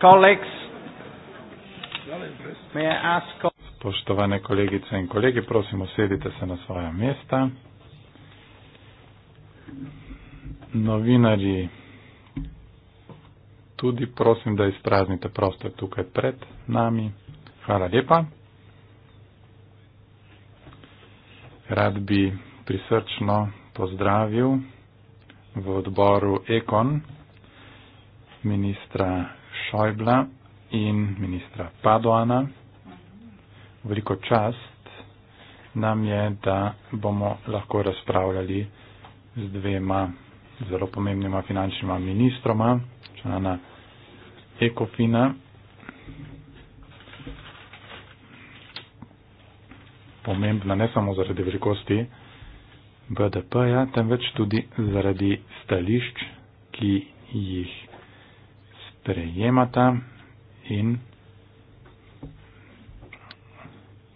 colleagues, may I ask co Poštovane kolegice in kolegi, prosim, usedite se na svoja mesta. Novinarji, tudi prosim, da izpraznite prostor tukaj pred nami. Hvala lepa. Rad bi prisrčno pozdravil v odboru Ekon ministra Šojbla in ministra Padoana. Veliko čast nam je, da bomo lahko razpravljali z dvema zelo pomembnima finančnima ministroma, članana Ekofina. Pomembna ne samo zaradi velikosti BDP-ja, temveč tudi zaradi stališč, ki jih sprejemata in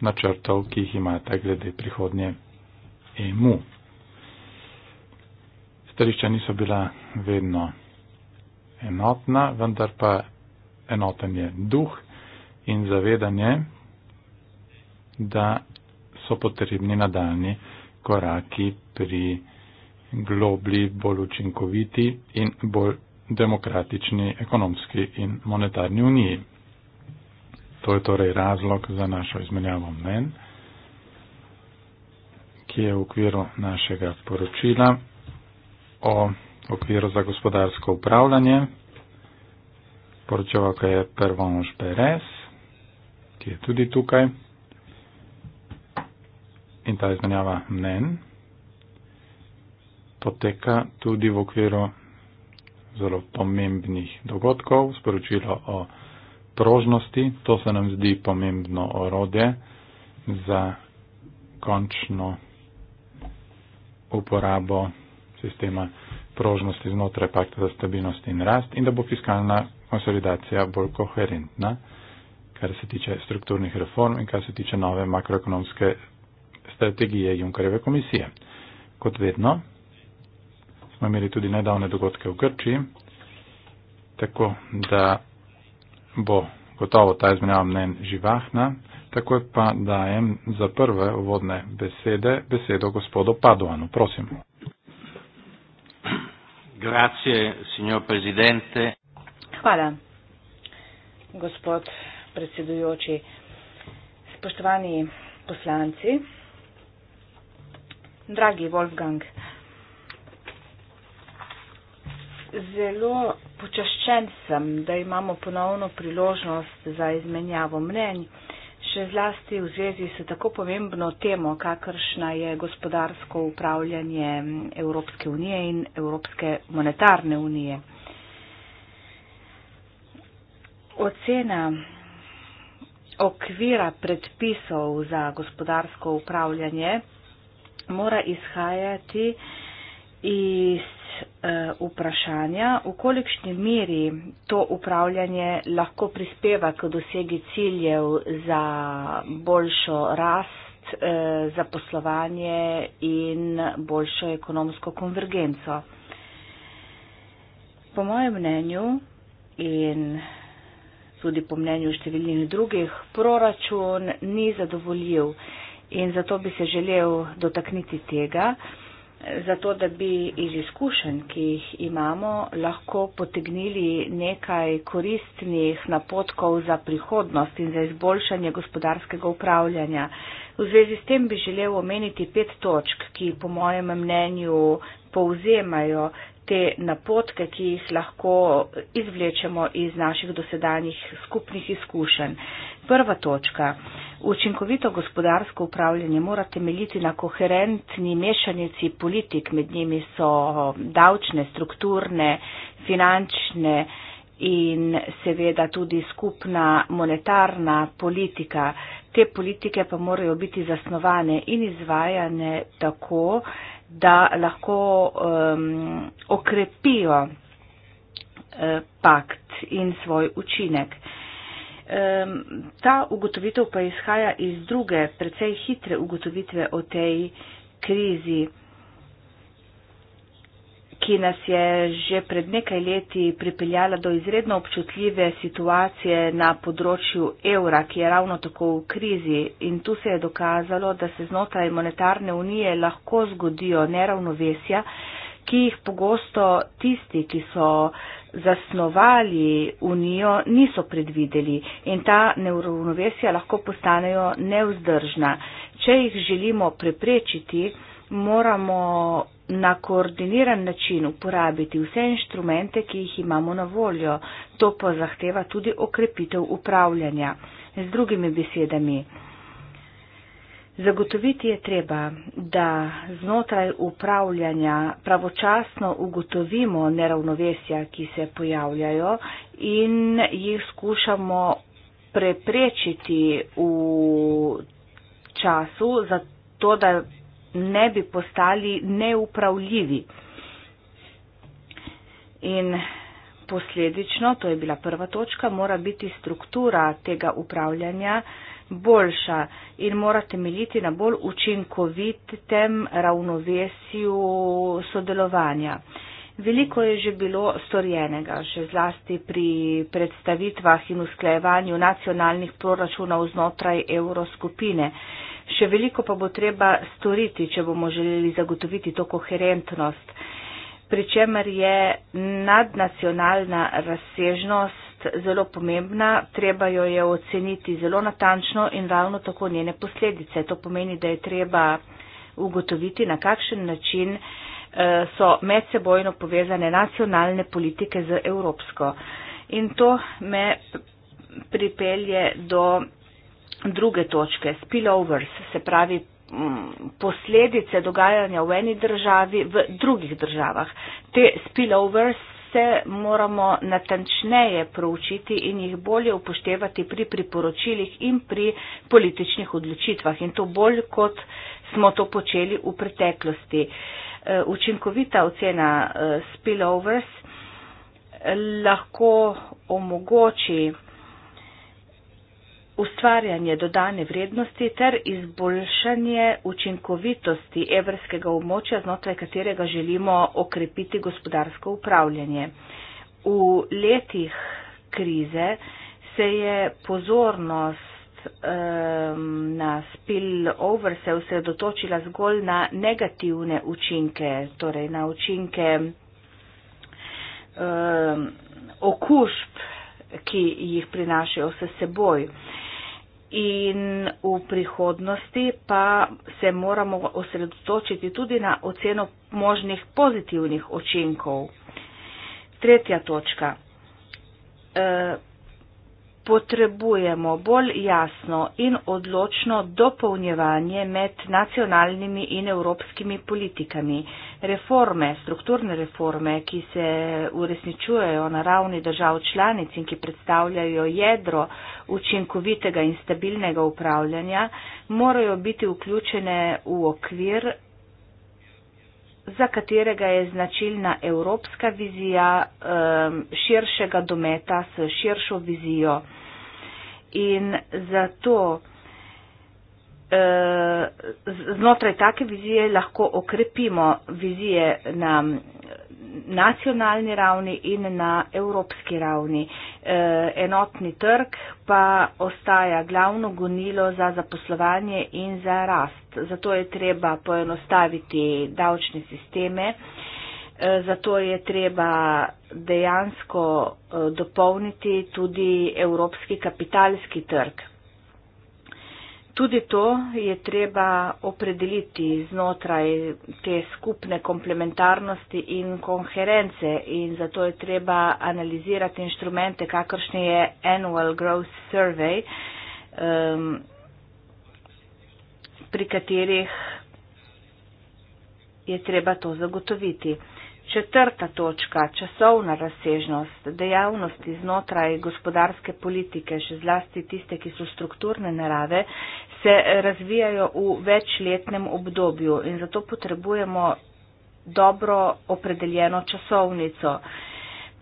načrtov, ki jih imata glede prihodnje EMU. Starišča niso bila vedno enotna, vendar pa enoten je duh in zavedanje, da so potrebni nadaljni koraki pri globli, bolj učinkoviti in bolj demokratični ekonomski in monetarni uniji. To je torej razlog za našo izmenjavo mnen, ki je v okviru našega poročila o okviru za gospodarsko upravljanje. Poročevalka je Pervonž Perez, ki je tudi tukaj. In ta izmenjava mnen poteka tudi v okviru zelo pomembnih dogodkov, sporočilo o prožnosti, to se nam zdi pomembno orode za končno uporabo sistema prožnosti znotraj pakta za stabilnost in rast in da bo fiskalna konsolidacija bolj koherentna, kar se tiče strukturnih reform in kar se tiče nove makroekonomske strategije Junkareve komisije. Kot vedno, smo imeli tudi nedavne dogodke v Grčiji, tako da bo gotovo ta izmenjava mnen živahna, tako pa dajem za prve uvodne besede besedo gospodu Paduanu. Prosim. Grazie, signor presidente. Hvala, gospod predsedujoči. Spoštovani poslanci, dragi Wolfgang, zelo počaščen sem, da imamo ponovno priložnost za izmenjavo mnenj, še zlasti v zvezi s tako pomembno temo, kakršna je gospodarsko upravljanje Evropske unije in Evropske monetarne unije. Ocena okvira predpisov za gospodarsko upravljanje mora izhajati iz uh, vprašanja, v kolikšni meri to upravljanje lahko prispeva k dosegi ciljev za boljšo rast, uh, za poslovanje in boljšo ekonomsko konvergenco. Po mojem mnenju in tudi po mnenju številnih drugih, proračun ni zadovoljiv in zato bi se želel dotakniti tega zato da bi iz izkušenj, ki jih imamo, lahko potegnili nekaj koristnih napotkov za prihodnost in za izboljšanje gospodarskega upravljanja. V zvezi s tem bi želel omeniti pet točk, ki po mojem mnenju povzemajo te napotke, ki jih lahko izvlečemo iz naših dosedanjih skupnih izkušenj. Prva točka. Učinkovito gospodarsko upravljanje mora temeljiti na koherentni mešanici politik, med njimi so davčne, strukturne, finančne in seveda tudi skupna monetarna politika. Te politike pa morajo biti zasnovane in izvajane tako, da lahko um, okrepijo eh, pakt in svoj učinek. Um, ta ugotovitev pa izhaja iz druge, precej hitre ugotovitve o tej krizi ki nas je že pred nekaj leti pripeljala do izredno občutljive situacije na področju evra, ki je ravno tako v krizi. In tu se je dokazalo, da se znotraj monetarne unije lahko zgodijo neravnovesja, ki jih pogosto tisti, ki so zasnovali unijo, niso predvideli. In ta neravnovesja lahko postanejo nevzdržna. Če jih želimo preprečiti, moramo na koordiniran način uporabiti vse inštrumente, ki jih imamo na voljo. To pa zahteva tudi okrepitev upravljanja. Z drugimi besedami. Zagotoviti je treba, da znotraj upravljanja pravočasno ugotovimo neravnovesja, ki se pojavljajo in jih skušamo preprečiti v času, zato da ne bi postali neupravljivi. In posledično, to je bila prva točka, mora biti struktura tega upravljanja boljša in mora temeljiti na bolj učinkovitem ravnovesju sodelovanja. Veliko je že bilo storjenega, še zlasti pri predstavitvah in usklejevanju nacionalnih proračunov znotraj evroskupine. Še veliko pa bo treba storiti, če bomo želeli zagotoviti to koherentnost, pri čemer je nadnacionalna razsežnost zelo pomembna, treba jo je oceniti zelo natančno in ravno tako njene posledice. To pomeni, da je treba ugotoviti, na kakšen način eh, so medsebojno povezane nacionalne politike z Evropsko. In to me pripelje do druge točke, spillovers, se pravi mm, posledice dogajanja v eni državi, v drugih državah. Te spillovers se moramo natančneje proučiti in jih bolje upoštevati pri priporočilih in pri političnih odločitvah in to bolj kot smo to počeli v preteklosti. E, učinkovita ocena e, spillovers e, lahko omogoči ustvarjanje dodane vrednosti ter izboljšanje učinkovitosti evrskega območja, znotraj katerega želimo okrepiti gospodarsko upravljanje. V letih krize se je pozornost um, na spillover se osredotočila zgolj na negativne učinke, torej na učinke um, okužb, ki jih prinašajo vse seboj in v prihodnosti pa se moramo osredotočiti tudi na oceno možnih pozitivnih učinkov. Tretja točka. E, potrebujemo bolj jasno in odločno dopolnjevanje med nacionalnimi in evropskimi politikami. Reforme, strukturne reforme, ki se uresničujejo na ravni držav članic in ki predstavljajo jedro učinkovitega in stabilnega upravljanja, morajo biti vključene v okvir za katerega je značilna evropska vizija širšega dometa s širšo vizijo. In zato eh, znotraj take vizije lahko okrepimo vizije na nacionalni ravni in na evropski ravni. E, enotni trg pa ostaja glavno gonilo za zaposlovanje in za rast. Zato je treba poenostaviti davčne sisteme, e, zato je treba dejansko e, dopolniti tudi evropski kapitalski trg. Tudi to je treba opredeliti znotraj te skupne komplementarnosti in konherence in zato je treba analizirati inštrumente, kakršni je Annual Growth Survey, um, pri katerih je treba to zagotoviti. Četrta točka, časovna razsežnost dejavnosti znotraj gospodarske politike, še zlasti tiste, ki so strukturne narave, se razvijajo v večletnem obdobju in zato potrebujemo dobro opredeljeno časovnico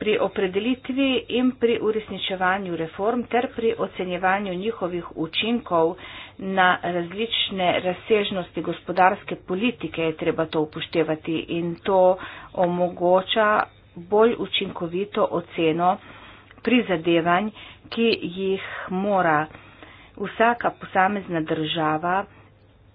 pri opredelitvi in pri uresničevanju reform ter pri ocenjevanju njihovih učinkov na različne razsežnosti gospodarske politike je treba to upoštevati in to omogoča bolj učinkovito oceno prizadevanj, ki jih mora vsaka posamezna država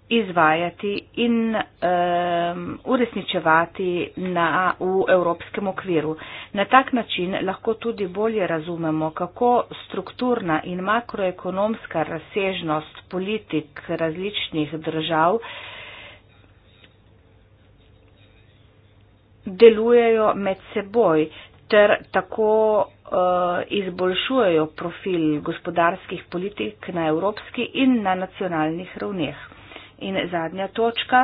izvajati in um, uresničevati na, v evropskem okviru. Na tak način lahko tudi bolje razumemo, kako strukturna in makroekonomska razsežnost politik različnih držav delujejo med seboj ter tako e, izboljšujejo profil gospodarskih politik na evropski in na nacionalnih ravneh. In zadnja točka,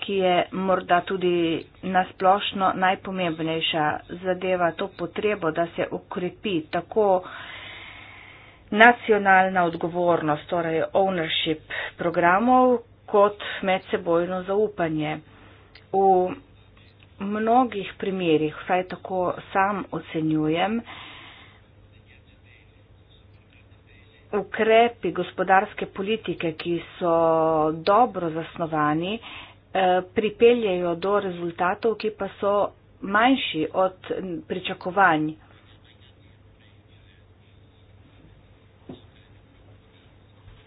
ki je morda tudi nasplošno najpomembnejša zadeva, to potrebo, da se ukrepi tako nacionalna odgovornost, torej ownership programov, kot medsebojno zaupanje. V mnogih primerjih, vsaj tako sam ocenjujem, ukrepi gospodarske politike, ki so dobro zasnovani, eh, pripeljejo do rezultatov, ki pa so manjši od pričakovanj.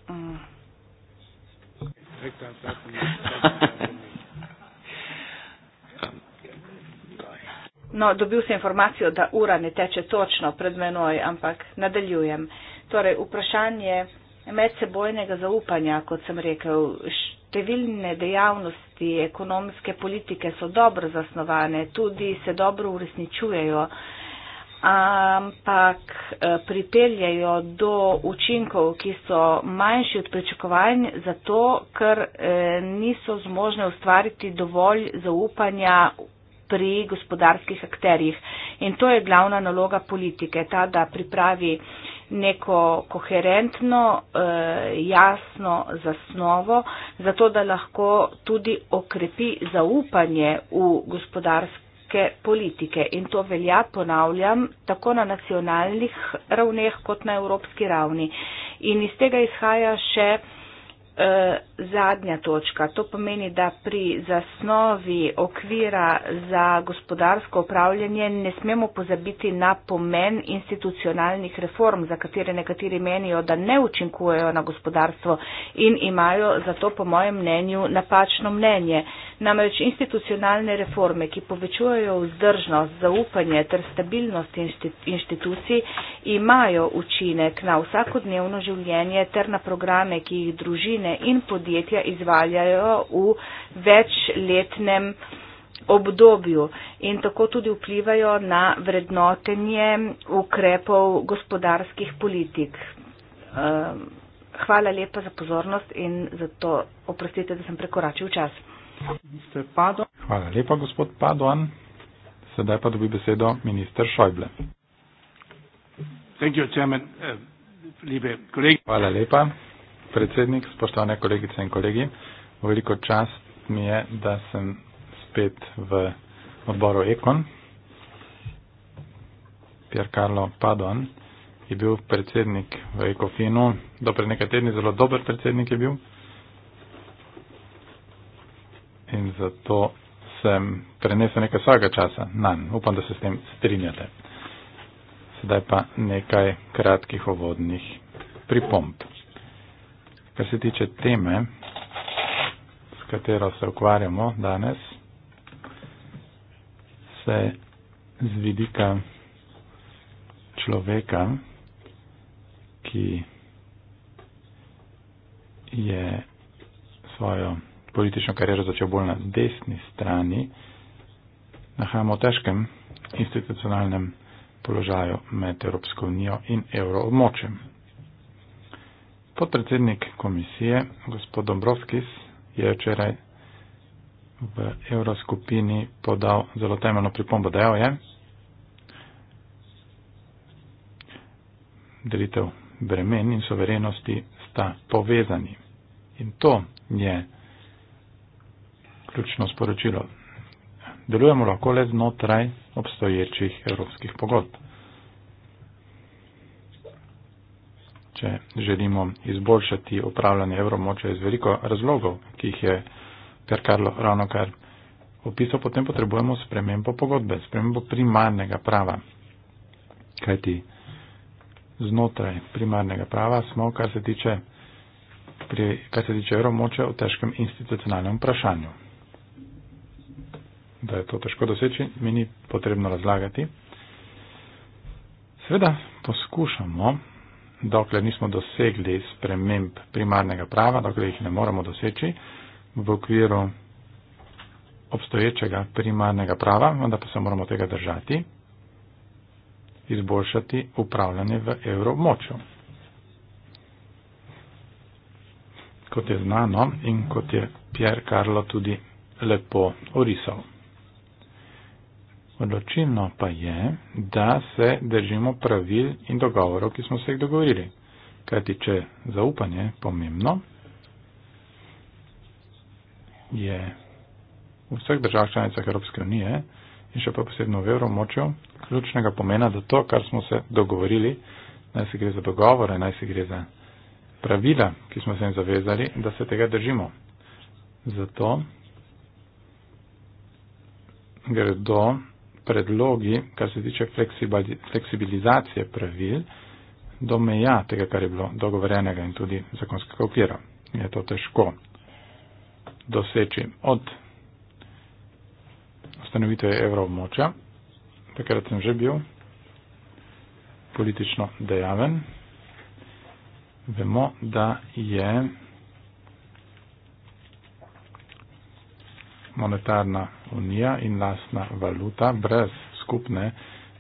Mm. No, dobil sem informacijo, da ura ne teče točno pred menoj, ampak nadaljujem. Torej, vprašanje medsebojnega zaupanja, kot sem rekel, številne dejavnosti ekonomske politike so dobro zasnovane, tudi se dobro uresničujejo, ampak eh, pripeljajo do učinkov, ki so manjši od pričakovanj, zato ker eh, niso zmožne ustvariti dovolj zaupanja pri gospodarskih akterjih. In to je glavna naloga politike, ta, da pripravi neko koherentno, eh, jasno zasnovo, zato da lahko tudi okrepi zaupanje v gospodarske politike. In to velja, ponavljam, tako na nacionalnih ravneh kot na evropski ravni. In iz tega izhaja še Eh, zadnja točka. To pomeni, da pri zasnovi okvira za gospodarsko upravljanje ne smemo pozabiti na pomen institucionalnih reform, za katere nekateri menijo, da ne učinkujejo na gospodarstvo in imajo zato, po mojem mnenju, napačno mnenje. Namreč institucionalne reforme, ki povečujejo vzdržnost, zaupanje ter stabilnost inštitucij, imajo učinek na vsakodnevno življenje ter na programe, ki jih družine občine in podjetja izvaljajo v večletnem obdobju in tako tudi vplivajo na vrednotenje ukrepov gospodarskih politik. Ehm, hvala lepa za pozornost in za to, oprostite, da sem prekoračil čas. Hvala lepa, gospod Padoan. Sedaj pa dobi besedo minister Šojble. Eh, hvala lepa predsednik, spoštovane kolegice in kolegi. Veliko čast mi je, da sem spet v odboru Ekon. Pier Carlo Padon je bil predsednik v Ekofinu, do pred nekaj tedni zelo dober predsednik je bil. In zato sem prenesel nekaj svojega časa na njega. Upam, da se s tem strinjate. Zdaj pa nekaj kratkih uvodnih pripomb. Kar se tiče teme, s katero se ukvarjamo danes, se z vidika človeka, ki je svojo politično kariero začel bolj na desni strani, nahajamo v težkem institucionalnem položaju med Evropsko unijo in evroobmočjem. Podpredsednik komisije, gospod Dombrovskis, je včeraj v evroskupini podal zelo temeljno pripombo, da je delitev bremen in soverenosti sta povezani. In to je ključno sporočilo. Delujemo lahko le znotraj obstoječih evropskih pogodb. če želimo izboljšati upravljanje evromoče iz veliko razlogov, ki jih je Pier Karlo ravno kar opisal, potem potrebujemo spremembo pogodbe, spremembo primarnega prava. Kajti znotraj primarnega prava smo, kar se tiče, pri, kar se tiče evromoče, v težkem institucionalnem vprašanju. Da je to težko doseči, mi ni potrebno razlagati. Seveda poskušamo dokler nismo dosegli sprememb primarnega prava, dokler jih ne moremo doseči v okviru obstoječega primarnega prava, vendar pa se moramo tega držati, izboljšati upravljanje v evromočju. Kot je znano in kot je Pierre Carlo tudi lepo orisal. Odločilno pa je, da se držimo pravil in dogovorov, ki smo se jih dogovorili. Kajti, če zaupanje pomembno, je v vseh držav članicah Evropske unije in še pa posebno v evromočju ključnega pomena, da to, kar smo se dogovorili, naj se gre za dogovore, naj se gre za pravila, ki smo se jim zavezali, da se tega držimo. Zato gre do predlogi, kar se tiče fleksibilizacije pravil, do meja tega, kar je bilo dogovorenega in tudi zakonskega okvira. Je to težko doseči od ustanovitve evroobmoča, takrat sem že bil politično dejaven. Vemo, da je. monetarna unija in lastna valuta brez skupne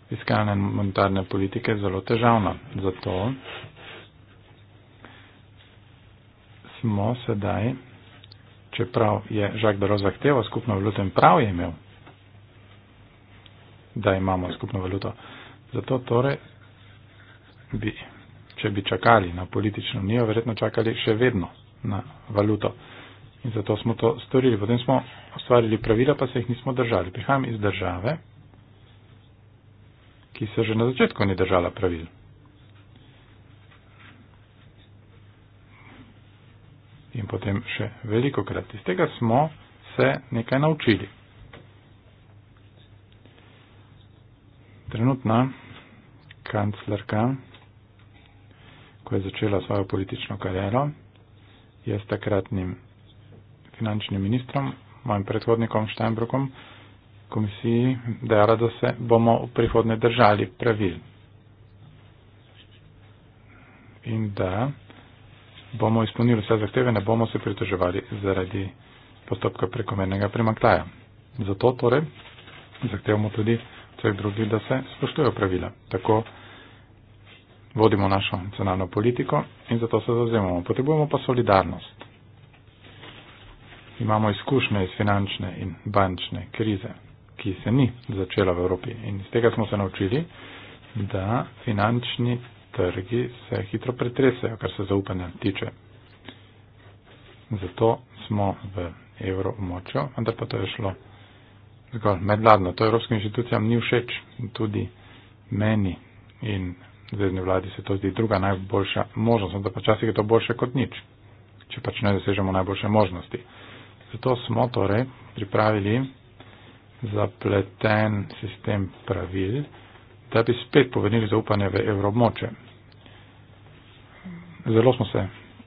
fiskalne in monetarne politike zelo težavna. Zato smo sedaj, čeprav je Jacques Delors zahteval skupno valuto in prav je imel, da imamo skupno valuto. Zato torej, bi, če bi čakali na politično unijo, verjetno čakali še vedno na valuto. In zato smo to storili. Potem smo ustvarili pravila, pa se jih nismo držali. Prihajam iz države, ki se že na začetku ni držala pravil. In potem še veliko krat. Iz tega smo se nekaj naučili. Trenutna kanclerka, ko je začela svojo politično kariero, je s takratnim finančnim ministrom, mojim predhodnikom Štenbrokom, komisiji dejala, da se bomo v prihodne držali pravil in da bomo izpolnili vse zahteve, ne bomo se pritoževali zaradi postopka prekomernega primaklaja. Zato torej zahtevamo tudi vseh drugih, da se spoštujejo pravila. Tako vodimo našo nacionalno politiko in zato se zavzemamo. Potrebujemo pa solidarnost imamo izkušnje iz finančne in bančne krize, ki se ni začela v Evropi. In iz tega smo se naučili, da finančni trgi se hitro pretresajo, kar se zaupanja tiče. Zato smo v evroomočju, vendar pa to je šlo zgolj medladno. To evropskim inštitucijam ni všeč, tudi meni in zvezdni vladi se to zdi druga najboljša možnost, da pač je to boljše kot nič, če pač ne dosežemo najboljše možnosti. Zato smo torej pripravili zapleten sistem pravil, da bi spet povrnili zaupanje v evromoče. Zelo smo se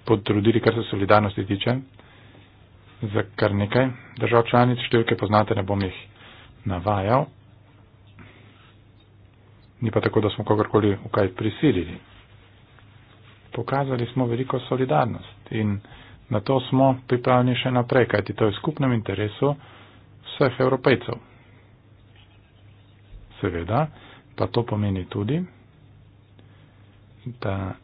potrudili, kar se solidarnosti tiče, za kar nekaj držav članic, številke poznate, ne bom jih navajal. Ni pa tako, da smo kogarkoli v kaj prisilili. Pokazali smo veliko solidarnost in Na to smo pripravljeni še naprej, kajti to je v skupnem interesu vseh evropejcev. Seveda, pa to pomeni tudi, da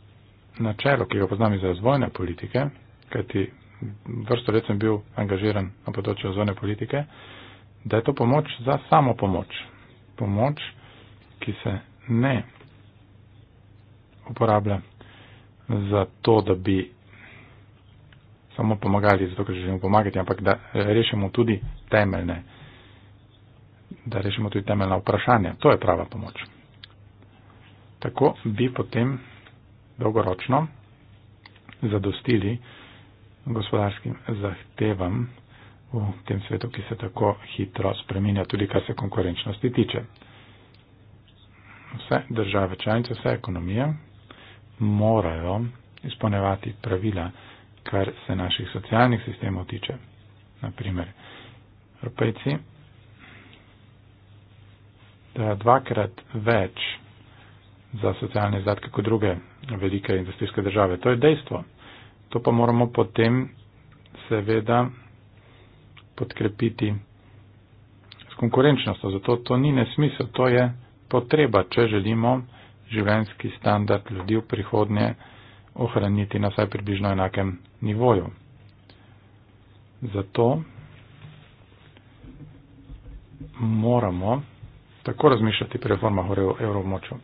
načelo, ki ga poznam iz razvojne politike, kajti vrsto let sem bil angažiran na področju razvojne politike, da je to pomoč za samo pomoč. Pomoč, ki se ne uporablja za to, da bi samo pomagati, zato ker želimo pomagati, ampak da rešimo tudi temeljne, da rešimo tudi temeljna vprašanja. To je prava pomoč. Tako bi potem dolgoročno zadostili gospodarskim zahtevam v tem svetu, ki se tako hitro spreminja, tudi kar se konkurenčnosti tiče. Vse države članice, vse ekonomije morajo izpolnevati pravila, kar se naših socialnih sistemov tiče. Naprimer, Evropejci, da dvakrat več za socialne izdatke kot druge velike industrijske države. To je dejstvo. To pa moramo potem seveda podkrepiti s konkurenčnostjo. Zato to ni nesmisel, to je potreba, če želimo življenski standard ljudi v prihodnje ohraniti na vsaj približno enakem nivoju. Zato moramo tako razmišljati pri reformah v evromočju.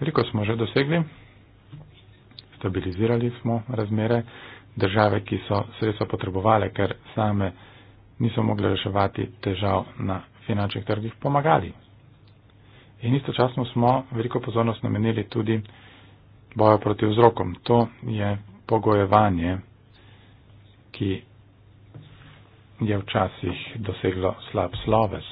Veliko smo že dosegli, stabilizirali smo razmere, države, ki so sredstva potrebovale, ker same niso mogli reševati težav na finančnih trgih, pomagali. In istočasno smo veliko pozornost namenili tudi boja proti vzrokom. To je pogojevanje, ki je včasih doseglo slab sloves.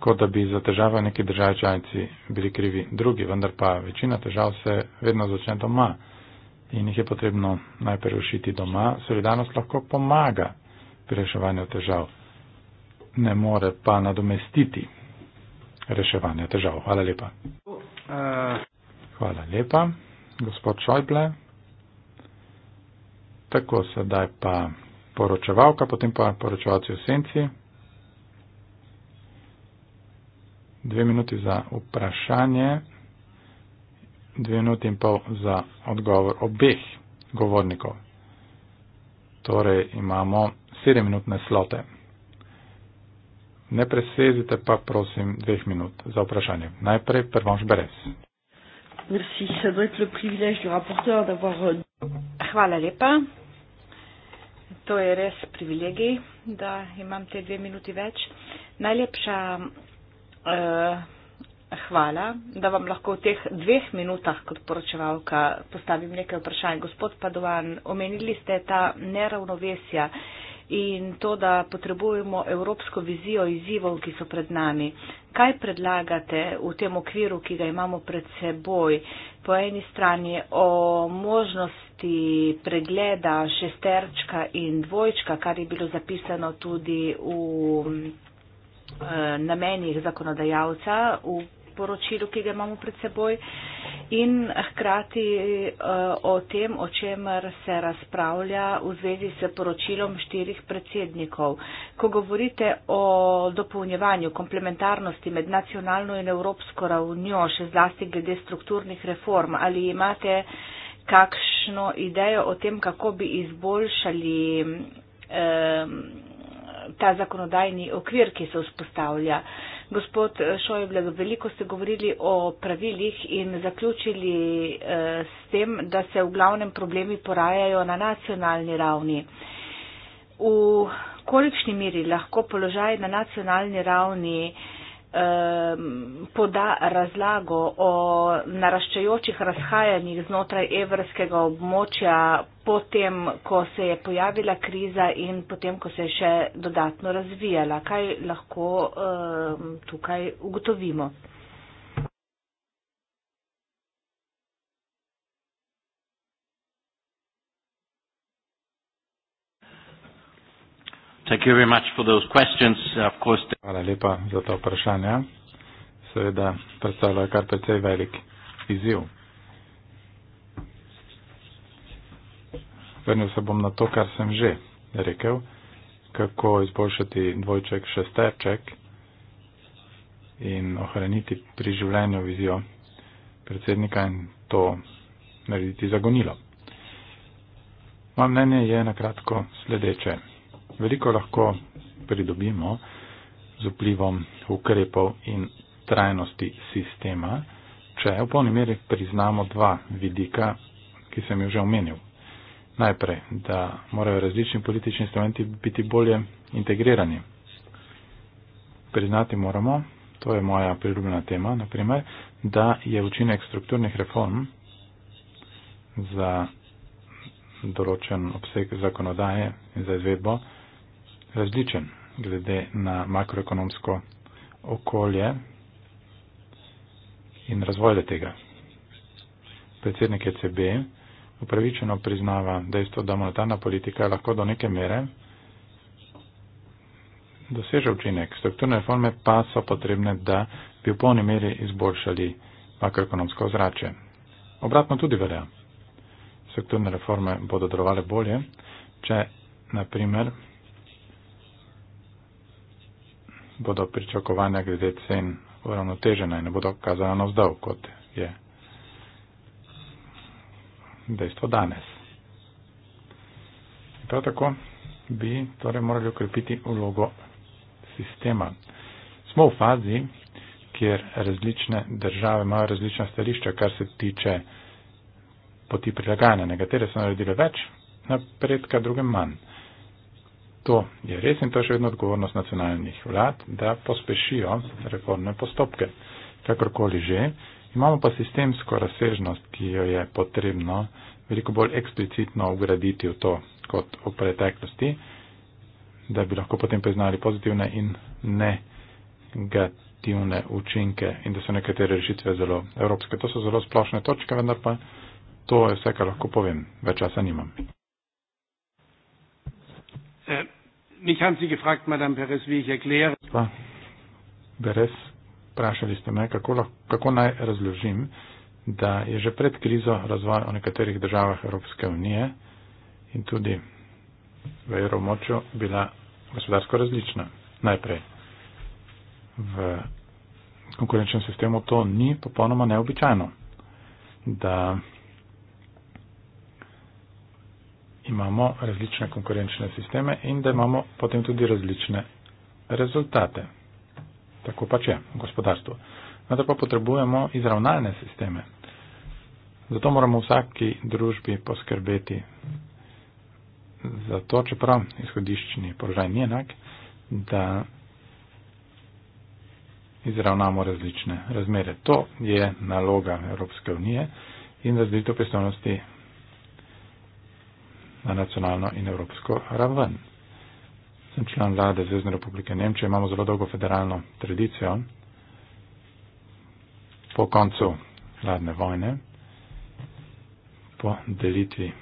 Kot da bi za težave neki državi članici bili krivi drugi, vendar pa večina težav se vedno začne doma in jih je potrebno najprej rešiti doma. Solidarnost lahko pomaga pri reševanju težav, ne more pa nadomestiti reševanje težav. Hvala lepa. Hvala lepa, gospod Šojble. Tako, sedaj pa poročevalka, potem pa poročevalci v senci. Dve minuti za vprašanje, dve minuti in pol za odgovor obeh govornikov. Torej imamo sedem minutne slote. Ne presezite pa, prosim, dveh minut za vprašanje. Najprej Prvanš Berez. Euh, hvala lepa. To je res privilegij, da imam te dve minuti več. Najlepša eh, hvala, da vam lahko v teh dveh minutah kot poročevalka postavim nekaj vprašanj. Gospod Padovan, omenili ste ta neravnovesja. Eh, in to, da potrebujemo evropsko vizijo izzivov, ki so pred nami. Kaj predlagate v tem okviru, ki ga imamo pred seboj? Po eni strani o možnosti pregleda šesterčka in dvojčka, kar je bilo zapisano tudi v eh, namenih zakonodajalca v poročilu, ki ga imamo pred seboj in hkrati eh, o tem, o čemer se razpravlja v zvezi s poročilom štirih predsednikov. Ko govorite o dopolnjevanju komplementarnosti med nacionalno in evropsko ravnjo, še zlasti glede strukturnih reform, ali imate kakšno idejo o tem, kako bi izboljšali eh, ta zakonodajni okvir, ki se vzpostavlja. Eh, Gospod Šojbljak, veliko ste govorili o pravilih in zaključili eh, s tem, da se v glavnem problemi porajajo na nacionalni ravni. V kolikšni miri lahko položaj na nacionalni ravni poda razlago o naraščajočih razhajanjih znotraj evrskega območja potem, ko se je pojavila kriza in potem, ko se je še dodatno razvijala. Kaj lahko tukaj ugotovimo? Thank you very much for those questions. Of course, Hvala lepa za ta vprašanja. Seveda predstavlja kar precej velik izziv. Vrnil se bom na to, kar sem že rekel, kako izboljšati dvojček šesterček in ohraniti pri življenju vizijo predsednika in to narediti zagonilo. Moje mnenje je na kratko sledeče veliko lahko pridobimo z vplivom ukrepov in trajnosti sistema, če v polni meri priznamo dva vidika, ki sem jih že omenil. Najprej, da morajo različni politični instrumenti biti bolje integrirani. Priznati moramo, to je moja priljubljena tema, naprimer, da je učinek strukturnih reform za določen obseg zakonodaje in za izvedbo različen glede na makroekonomsko okolje in razvoj le tega. Predsednik ECB upravičeno priznava dejstvo, da monetarna politika lahko do neke mere doseže učinek. Strukturne reforme pa so potrebne, da bi v polni meri izboljšali makroekonomsko ozračje. Obratno tudi velja. Strukturne reforme bodo delovale bolje, če, na primer, bodo pričakovanja glede cen uravnotežena in ne bodo kazala navzdol, kot je dejstvo danes. In prav tako bi torej morali ukrepiti vlogo sistema. Smo v fazi, kjer različne države imajo različna stališča, kar se tiče poti prilagajanja. Nekatere so naredile več napredka, druge manj. To je res in to je še vedno odgovornost nacionalnih vlad, da pospešijo reformne postopke. Kakorkoli že, imamo pa sistemsko razsežnost, ki jo je potrebno veliko bolj eksplicitno ugraditi v to kot v preteklosti, da bi lahko potem priznali pozitivne in negativne učinke in da so nekatere rešitve zelo evropske. To so zelo splošne točke, vendar pa to je vse, kar lahko povem. Več časa nimam. Äh, mich haben Sie gefragt, Madame Perez, wie ich erkläre. Perez, vprašali ste me, kako, lahko, kako naj razložim, da je že pred krizo razvoj v nekaterih državah Evropske unije in tudi v evromočju bila gospodarsko različna. Najprej v konkurenčnem sistemu to ni popolnoma neobičajno, da imamo različne konkurenčne sisteme in da imamo potem tudi različne rezultate. Tako pač je v gospodarstvu. Vendar pa potrebujemo izravnalne sisteme. Zato moramo vsaki družbi poskrbeti za to, čeprav izhodiščni položaj ni enak, da izravnamo različne razmere. To je naloga Evropske unije in razdelitev pristojnosti na nacionalno in evropsko raven. Sem član vlade Zvezdne republike Nemčije, imamo zelo dolgo federalno tradicijo. Po koncu vladne vojne, po delitvi,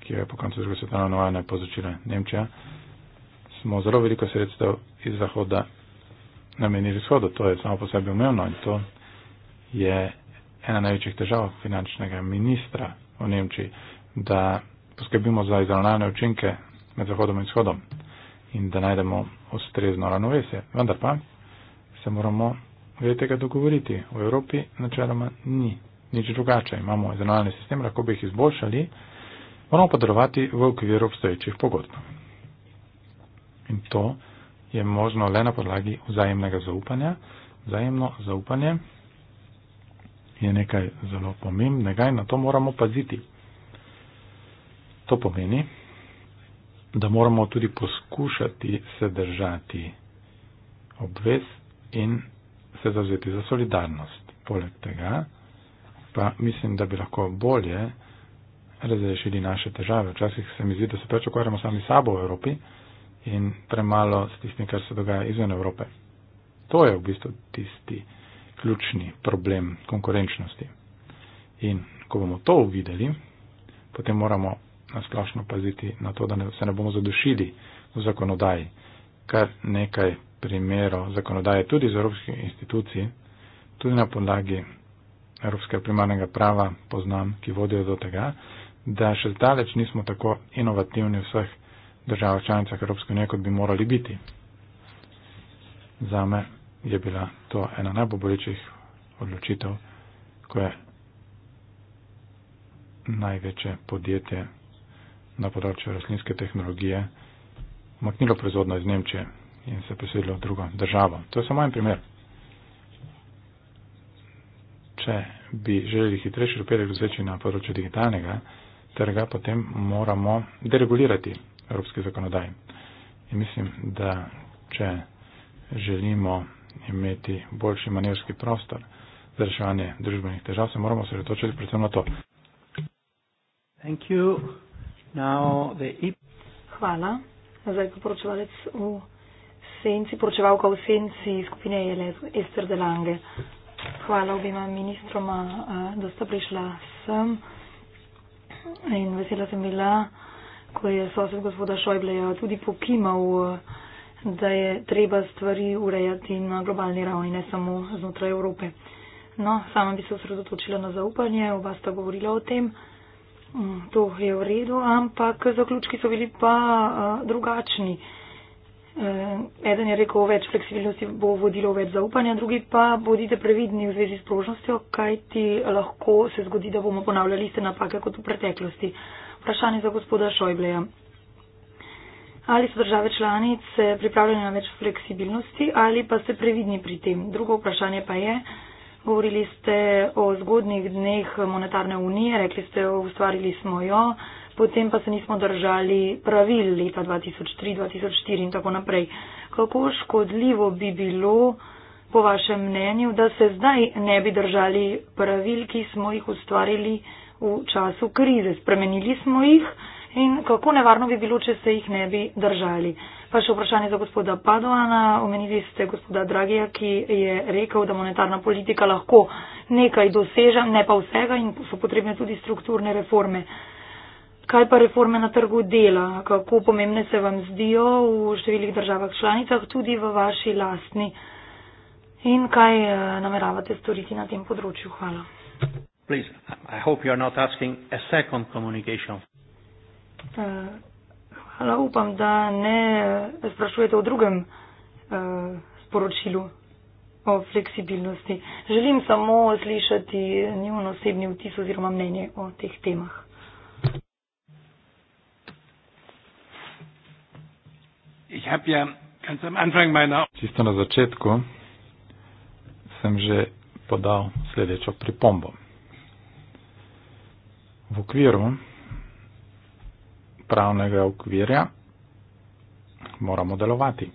ki jo je po koncu druge svetovne vojne povzročila Nemčija, smo zelo veliko sredstev iz Zahoda namenili vzhodu. To je samo po sebi umevno in to je ena največjih težav finančnega ministra v Nemčiji, da poskrbimo za izravnane učinke med zahodom in shodom in da najdemo ustrezno ravnovesje. Vendar pa se moramo glede tega dogovoriti. V Evropi načeloma ni nič drugače. Imamo izravnalni sistem, lahko bi jih izboljšali, moramo pa delovati v okviru obstoječih pogodb. In to je možno le na podlagi vzajemnega zaupanja. Vzajemno zaupanje je nekaj zelo pomembnega in na to moramo paziti. To pomeni, da moramo tudi poskušati se držati obvez in se zavzeti za solidarnost. Poleg tega pa mislim, da bi lahko bolje razrešili naše težave. Včasih se mi zdi, da se preveč ukvarjamo sami sabo v Evropi in premalo s tistim, kar se dogaja izven Evrope. To je v bistvu tisti ključni problem konkurenčnosti. In ko bomo to uvideli, potem moramo na splošno paziti na to, da ne, se ne bomo zadušili v zakonodaji. Kar nekaj primerov zakonodaje tudi iz evropskih institucij, tudi na podlagi evropskega primarnega prava poznam, ki vodijo do tega, da še zdaleč nismo tako inovativni v vseh državah članicah Evropske unije, kot bi morali biti. Za me je bila to ena najbolj bolečih odločitev, ko je največje podjetje na področju rastlinske tehnologije umaknilo proizvodno iz Nemčije in se preselilo v drugo državo. To je samo en primer. Če bi želeli hitrejši ropedek doseči na področju digitalnega trga, potem moramo deregulirati evropske zakonodaje. In mislim, da če želimo imeti boljši manevrski prostor za reševanje družbenih težav, se moramo osredotočiti predvsem na to. Thank you. Hvala. Zdaj ko poročevalec v senci, poročevalka v senci skupine Ester de Lange. Hvala obima ministroma, eh, da sta prišla sem in vesela sem bila, ko je sosed gospoda Šojbleja tudi pokimal, eh, da je treba stvari urejati na globalni ravni, ne samo znotraj Evrope. No, sama bi se osredotočila na zaupanje, oba sta govorila o tem. Mm, to je v redu, ampak zaključki so bili pa uh, drugačni. Uh, eden je rekel, več fleksibilnosti bo vodilo več zaupanja, drugi pa bodite previdni v zvezi s prožnostjo, kaj ti lahko se zgodi, da bomo ponavljali iste napake kot v preteklosti. Vprašanje za gospoda Šojbleja. Ali so države članice pripravljene na več fleksibilnosti ali pa ste previdni pri tem? Drugo vprašanje pa je, uh, Govorili ste o zgodnih dneh monetarne unije, rekli ste, ustvarili smo jo, potem pa se nismo držali pravil leta 2003, 2004 in tako naprej. Kako škodljivo bi bilo, po vašem mnenju, da se zdaj ne bi držali pravil, ki smo jih ustvarili v času krize? Spremenili smo jih in kako nevarno bi bilo, če se jih ne bi držali. Pa še vprašanje za gospoda Padoana. Omenili ste gospoda Dragija, ki je rekel, da monetarna politika lahko nekaj doseža, ne pa vsega in so potrebne tudi strukturne reforme. Kaj pa reforme na trgu dela? Kako pomembne se vam zdijo v številnih državah članicah, tudi v vaši lastni? In kaj eh, nameravate storiti na tem področju? Hvala. Please, I hope you are not asking a second communication. Eh, hvala, upam, da ne sprašujete o drugem eh, sporočilu o fleksibilnosti. Želim samo slišati njun osebni vtis oziroma mnenje o teh temah. Ja Čisto na začetku sem že podal sledečo pripombo. V okviru pravnega okvirja moramo delovati.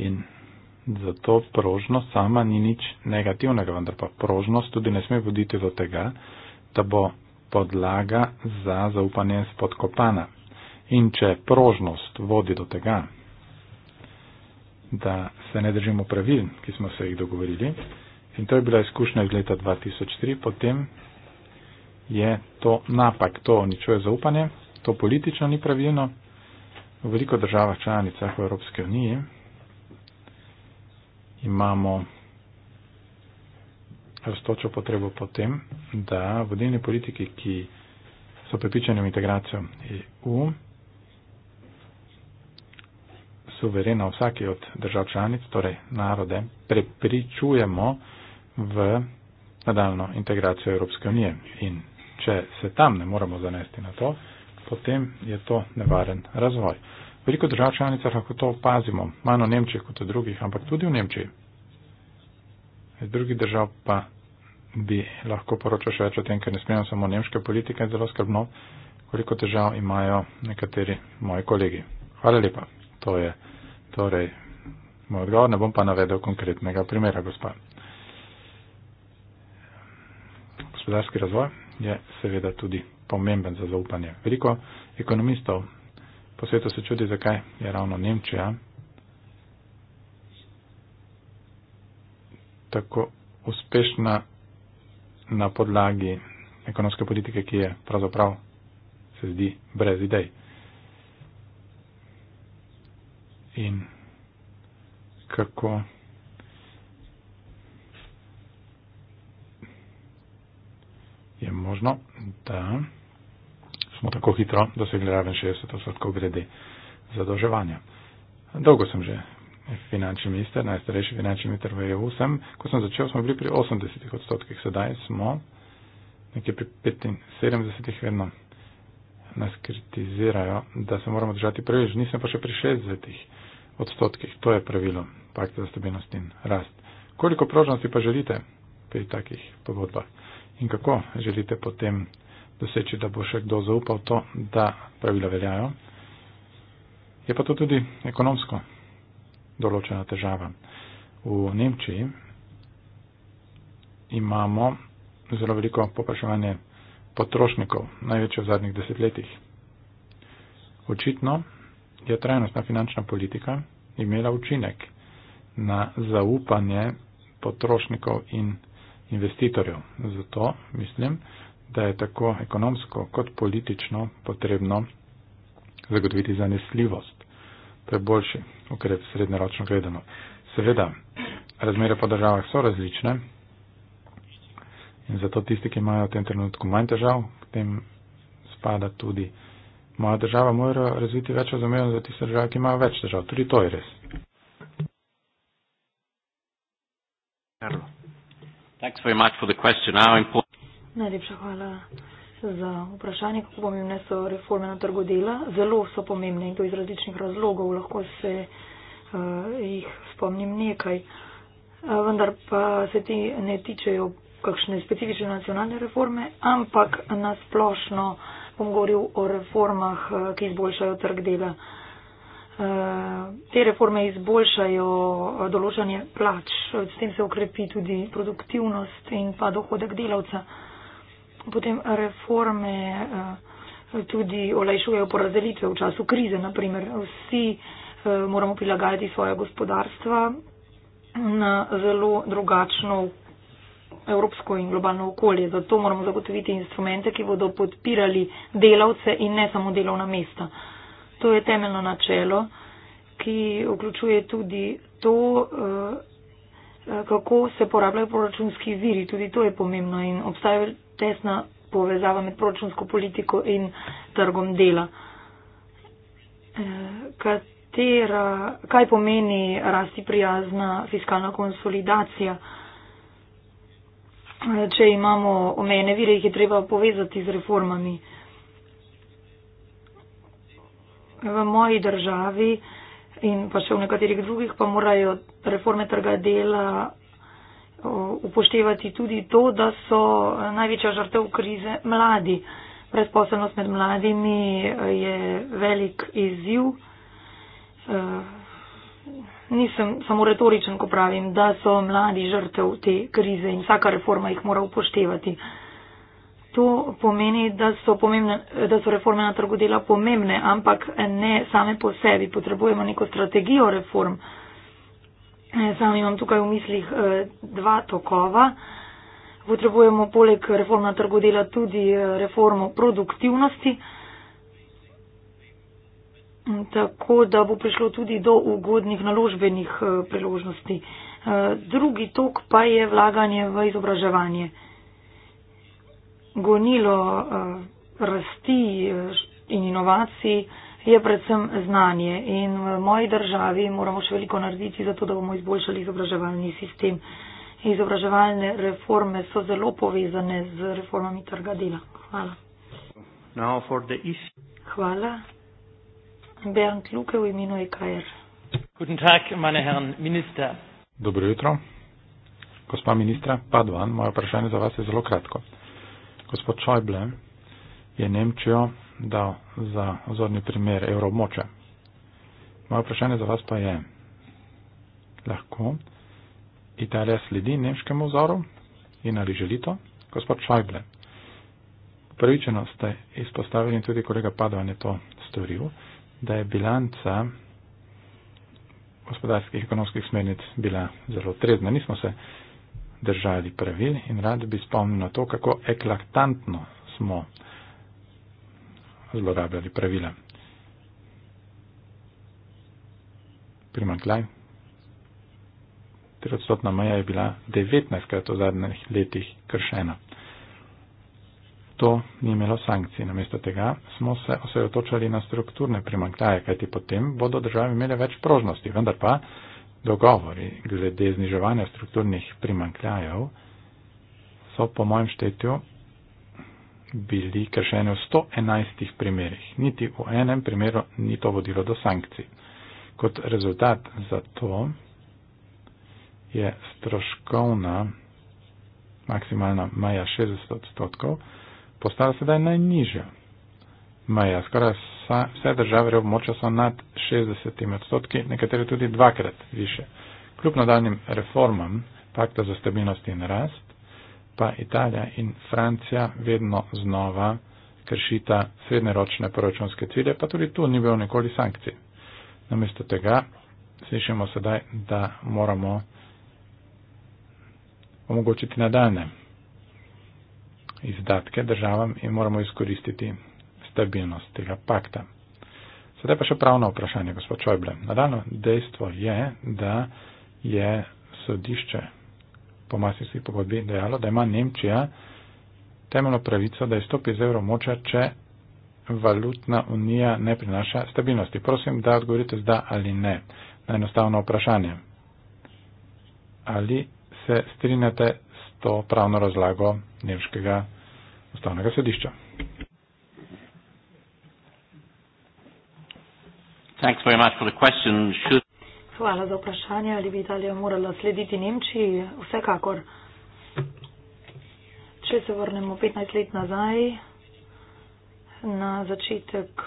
In zato prožnost sama ni nič negativnega, vendar pa prožnost tudi ne sme voditi do tega, da bo podlaga za zaupanje spodkopana. In če prožnost vodi do tega, da se ne držimo pravil, ki smo se jih dogovorili, in to je bila izkušnja iz leta 2003, potem je to napak, to uničuje zaupanje to politično ni pravilno. V veliko državah članicah v Evropske unije imamo rastočo potrebo po tem, da vodilni politiki, ki so pripičeni v integracijo EU, suvereno vsaki od držav članic, torej narode, prepričujemo v nadaljno integracijo Evropske unije. In če se tam ne moremo zanesti na to, potem je to nevaren razvoj. Veliko držav članicah lahko to opazimo, manj v Nemčiji kot v drugih, ampak tudi v Nemčiji. Iz drugih držav pa bi lahko poročal še več o tem, ker ne smemo samo nemške politike, zelo skrbno, koliko težav imajo nekateri moji kolegi. Hvala lepa. To je torej moj odgovor. Ne bom pa navedel konkretnega primera, gospa. Gospodarski razvoj je seveda tudi pomemben za zaupanje. Veliko ekonomistov po svetu se čudi, zakaj je ravno Nemčija tako uspešna na podlagi ekonomske politike, ki je pravzaprav se zdi brez idej. In kako je možno, da smo tako hitro dosegli raven 60 odstotkov glede zadolževanja. Dolgo sem že finančni minister, najstarejši finančni minister v EU sem. Ko sem začel, smo bili pri 80 odstotkih, sedaj smo nekje pri 75 vedno nas kritizirajo, da se moramo držati preveč, nisem pa še pri 60 odstotkih. To je pravilo pakta za stabilnost in rast. Koliko prožnosti pa želite pri takih pogodbah in kako želite potem doseči, da bo še kdo zaupal to, da pravila veljajo. Je pa to tudi ekonomsko določena težava. V Nemčiji imamo zelo veliko popraševanje potrošnikov, največje v zadnjih desetletjih. Očitno je trajnostna finančna politika imela učinek na zaupanje potrošnikov in investitorjev. Zato mislim, da je tako ekonomsko kot politično potrebno zagotoviti zanesljivost. To je boljši ukrep srednjeročno gledano. Seveda, razmere po državah so različne in zato tisti, ki imajo v tem trenutku manj težav, k tem spada tudi moja država, morajo razviti več razumevanja za tiste države, ki imajo več težav. Tudi to je res. Carlo. Thanks very much for the question. Now important. Najlepša hvala za vprašanje, kako pomembne so reforme na trgu dela. Zelo so pomembne in to iz različnih razlogov, lahko se uh, jih spomnim nekaj. Uh, vendar pa se ti ne tičejo kakšne specifične nacionalne reforme, ampak nasplošno bom govoril o reformah, uh, ki izboljšajo trg dela. Uh, te reforme izboljšajo določanje plač, s tem se okrepi tudi produktivnost in pa dohodek delavca. Uh, potem reforme eh, tudi olajšujejo porazdelitve v času krize. Naprimer, vsi eh, moramo prilagajati svoje gospodarstva na zelo drugačno evropsko in globalno okolje. Zato moramo zagotoviti instrumente, ki bodo podpirali delavce in ne samo delovna mesta. To je temeljno načelo, ki vključuje tudi to, eh, Eh, kako se porabljajo proračunski viri. Tudi to je pomembno in obstaja tesna povezava med proračunsko politiko in trgom dela. Eh, katera, kaj pomeni rasti prijazna fiskalna konsolidacija? Eh, če imamo omejene vire, jih je treba povezati z reformami. V moji državi in pa še v nekaterih drugih, pa morajo reforme trga dela upoštevati tudi to, da so eh, največja žrtev krize mladi. Brezposelnost med mladimi eh, je velik izziv. Eh, nisem samo retoričen, ko pravim, da so mladi žrtev te krize in vsaka reforma jih mora upoštevati. To pomeni, da so, pomembne, da so reforme na trgu dela pomembne, ampak ne same po sebi. Potrebujemo neko strategijo reform. Eh, sam imam tukaj v mislih eh, dva tokova. Potrebujemo poleg reform na trgu dela tudi eh, reformo produktivnosti, mm, tako da bo prišlo tudi do ugodnih naložbenih priložnosti. Drugi tok pa je vlaganje v izobraževanje gonilo eh, rasti eh, in inovacij je predvsem znanje in v moji državi moramo še veliko narediti za to, da bomo izboljšali izobraževalni sistem. Izobraževalne reforme so zelo povezane z reformami trga dela. Hvala. Hvala. Bernd Luke v imenu EKR. Guten Tag, meine Herren Minister. Dobro jutro. Gospa ministra, pa dvan, moje vprašanje za vas je zelo kratko gospod Schäuble je Nemčijo dal za ozorni primer evromoče. Moje vprašanje za vas pa je, lahko Italija sledi nemškemu vzoru in ali želito? Gospod Schäuble, upravičeno ste izpostavili in tudi kolega Padovan je to storil, da je bilanca gospodarskih ekonomskih smernic bila zelo trezna. Nismo se držali pravil in rad bi spomnil na to, kako eklatantno smo zlorabljali pravila. Primanklaj. Trodstotna meja je bila 19krat v zadnjih letih kršena. To ni imelo sankcij. Namesto tega smo se osredotočali na strukturne primanklaje, kajti potem bodo države imele več prožnosti. Vendar pa dogovori glede zniževanja strukturnih primankljajev so po mojem štetju bili kršene v 111 primerih. Niti v enem primeru ni to vodilo do sankcij. Kot rezultat za to je stroškovna maksimalna maja 60 odstotkov postala sedaj najnižja meja. Skoraj vsa, vse države območja so nad 60 odstotki, nekatere tudi dvakrat više. Kljub nadaljnim reformam Pakta za stabilnost in rast, pa Italija in Francija vedno znova kršita srednjeročne proračunske cilje, pa tudi tu ni bilo nikoli sankcij. Namesto tega slišimo sedaj, da moramo omogočiti nadaljne izdatke državam in moramo izkoristiti stabilnost tega pakta. Sedaj pa še pravno vprašanje, gospod Čojble. Nadaljno dejstvo je, da je sodišče po masijskih pogodbi dejalo, da ima Nemčija temeljno pravico, da izstopi iz evromoča, če valutna unija ne prinaša stabilnosti. Prosim, da odgovorite zda ali ne. Najenostavno vprašanje. Ali se strinjate s to pravno razlago nemškega ustavnega sodišča? Hvala za vprašanje, ali bi Italija morala slediti Nemčiji. Vsekakor. Če se vrnemo 15 let nazaj, na začetek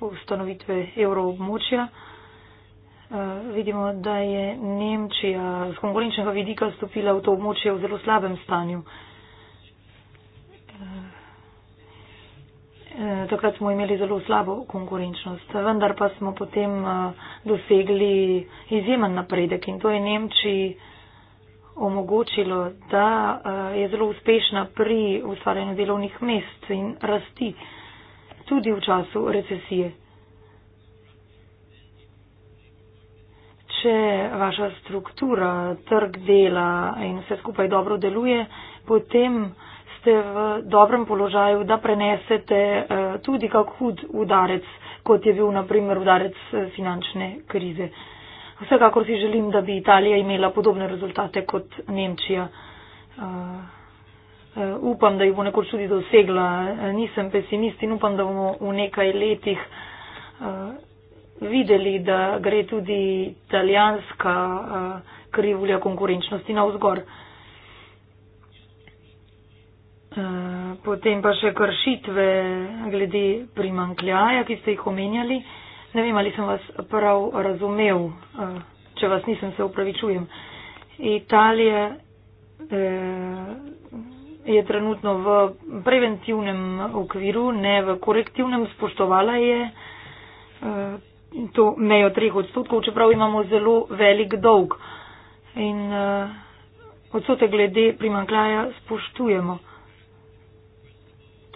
ustanovitve evroobmočja, eh, vidimo, da je Nemčija z konkurenčnega vidika stopila v to območje v zelo slabem stanju. Eh, takrat smo imeli zelo slabo konkurenčnost, vendar pa smo potem eh, dosegli izjemen napredek in to je Nemčiji omogočilo, da eh, je zelo uspešna pri ustvarjanju delovnih mest in rasti tudi v času recesije. Če vaša struktura, trg dela in vse skupaj dobro deluje, potem ste v dobrem položaju, da prenesete eh, tudi kak hud udarec, kot je bil naprimer udarec eh, finančne krize. Vsekakor si želim, da bi Italija imela podobne rezultate kot Nemčija. Eh, upam, da jih bo nekoč tudi dosegla. Nisem pesimist in upam, da bomo v nekaj letih videli, da gre tudi italijanska krivulja konkurenčnosti na vzgor. Eh, potem pa še kršitve glede primankljaja, ki ste jih omenjali. Ne vem, ali sem vas prav razumev, eh, če vas nisem, se upravičujem. Italija eh, je trenutno v preventivnem okviru, ne v korektivnem, spoštovala je to mejo treh odstotkov, čeprav imamo zelo velik dolg. In odstotek glede primankljaja spoštujemo.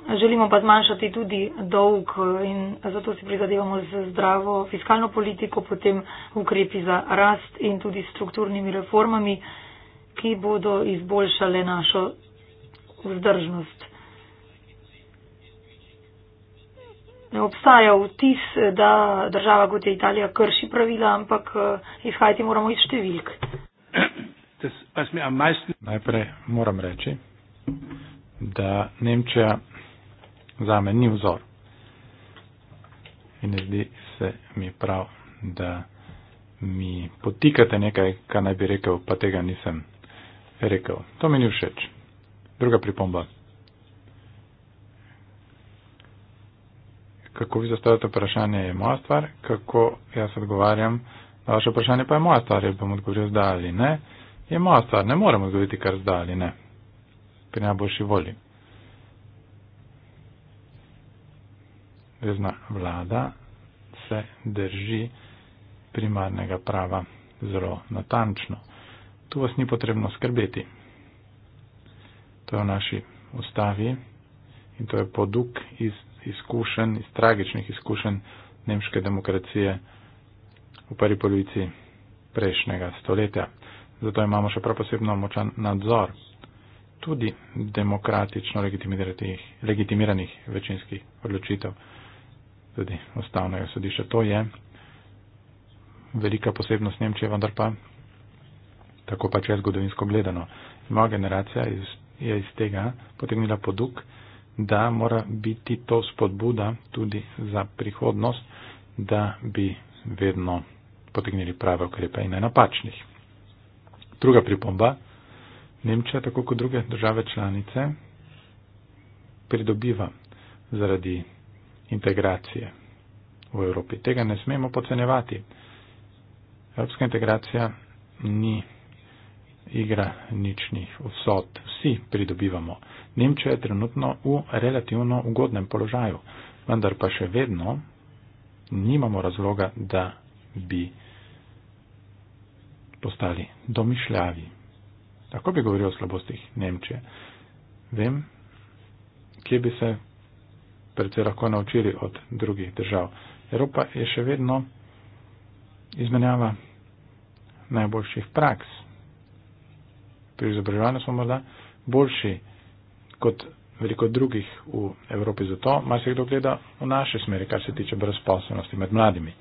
Želimo pa zmanjšati tudi dolg in zato si prizadevamo z zdravo fiskalno politiko, potem ukrepi za rast in tudi strukturnimi reformami, ki bodo izboljšale našo vzdržnost. Ne obstaja vtis, da država kot je Italija krši pravila, ampak eh, izhajati moramo iz številk. Najprej moram reči, da Nemčija za me ni vzor. In zdi se mi prav, da mi potikate nekaj, kar naj bi rekel, pa tega nisem rekel. To mi ni všeč. Druga pripomba. Kako vi zastavljate vprašanje, je moja stvar, kako jaz odgovarjam na vaše vprašanje, pa je moja stvar, ali bom odgovoril zdaj ali ne. Je moja stvar, ne morem odgovoriti kar zdaj ali ne. Pri najboljši volji. zvezna vlada se drži primarnega prava zelo natančno. Tu vas ni potrebno skrbeti. To je v naši ustavi in to je poduk iz izkušenj, iz tragičnih izkušenj nemške demokracije v prvi polovici prejšnjega stoletja. Zato imamo še prav posebno močan nadzor tudi demokratično legitimiranih večinskih odločitev tudi ustavnega sodišča. To je velika posebnost Nemčije, vendar pa tako pač je zgodovinsko gledano. Moja generacija je iz tega potegnila poduk, da mora biti to spodbuda tudi za prihodnost, da bi vedno potegnili prave ukrepe in ne napačnih. Druga pripomba. Nemčija, tako kot druge države članice, pridobiva zaradi integracije v Evropi. Tega ne smemo pocenevati. Evropska integracija ni igra ničnih vsot. Vsi pridobivamo. Nemčija je trenutno v relativno ugodnem položaju, vendar pa še vedno nimamo razloga, da bi postali domišljavi. Tako bi govoril o slabostih Nemčije. Vem, kje bi se predvsej lahko naučili od drugih držav. Evropa je še vedno izmenjava najboljših praks. Pri izobraževanju smo morda boljši kot veliko drugih v Evropi, zato mar se kdo gleda v naše smeri, kar se tiče brezposobnosti med mladimi,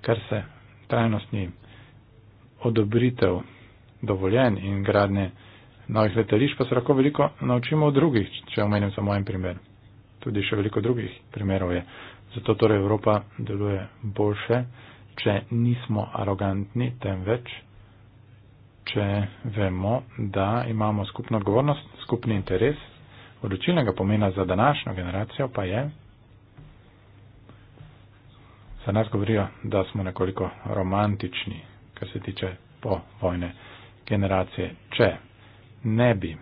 kar se trajnostni odobritev dovoljen in gradnje novih letališč, pa se lahko veliko naučimo od drugih, če omenim samo en primer tudi še veliko drugih primerov je. Zato torej Evropa deluje boljše, če nismo arogantni, temveč, če vemo, da imamo skupno odgovornost, skupni interes, odločilnega pomena za današnjo generacijo pa je, za nas govorijo, da smo nekoliko romantični, kar se tiče povojne generacije, če ne bi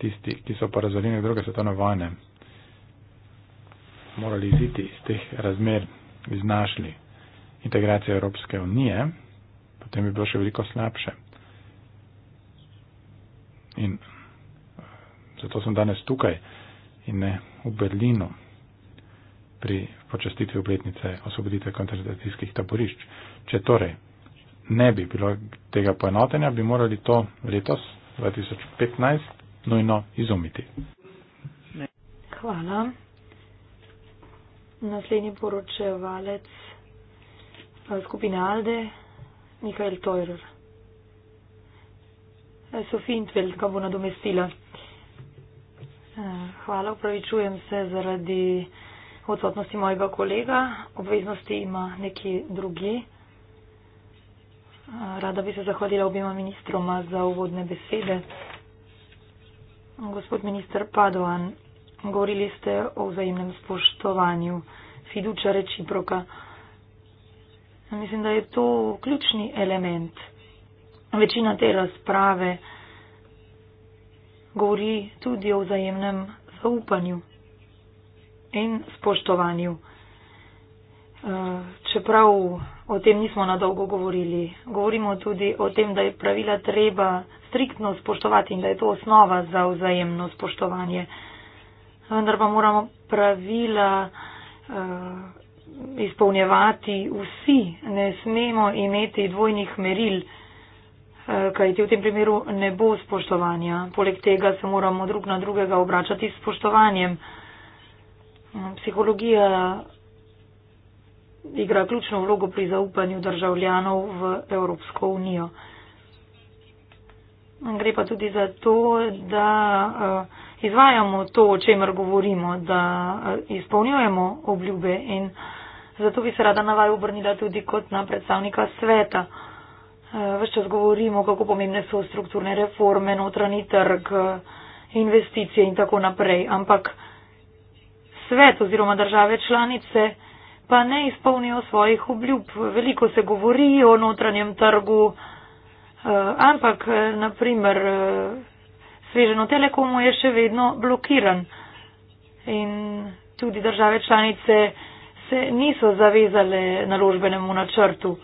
tisti, ki so porazorili druge svetovne vojne, morali iziti iz teh razmer, iznašli integracijo Evropske unije, potem bi bilo še veliko slabše. In eh, zato sem danes tukaj in ne v Berlinu pri počastitvi obletnice osvoboditve koncentracijskih taborišč. Če torej ne bi bilo tega poenotenja, bi morali to letos 2015 nujno izumiti. Hvala. Naslednji poročevalec eh, skupine Alde, Mihajl Tojr. Eh, Sofi Intveld ga bo nadomestila. Eh, hvala, upravičujem se zaradi odsotnosti mojega kolega. Obveznosti ima neki drugi. Rada bi se zahvalila obima ministroma za uvodne besede. Gospod minister Padoan, govorili ste o vzajemnem spoštovanju, fiduča reciproka. Mislim, da je to ključni element. Večina te razprave govori tudi o vzajemnem zaupanju in spoštovanju. Eh, čeprav o tem nismo na dolgo govorili, govorimo tudi o tem, da je pravila treba striktno spoštovati in da je to osnova za vzajemno spoštovanje vendar pa moramo pravila uh, izpolnjevati vsi. Ne smemo imeti dvojnih meril, uh, kajti v tem primeru ne bo spoštovanja. Poleg tega se moramo drug na drugega obračati s spoštovanjem. Psihologija igra ključno vlogo pri zaupanju državljanov v Evropsko unijo. Gre pa tudi za to, da uh, izvajamo to, o čemer govorimo, da eh, izpolnjujemo obljube in zato bi se rada na vaju obrnila tudi kot na predstavnika sveta. Eh, ves čas govorimo, kako pomembne so strukturne reforme, notranji trg, investicije in tako naprej, ampak svet oziroma države članice pa ne izpolnijo svojih obljub. Veliko se govori o notranjem trgu, eh, ampak naprimer sveženo telekomu je še vedno blokiran in tudi države članice se niso zavezale naložbenemu načrtu.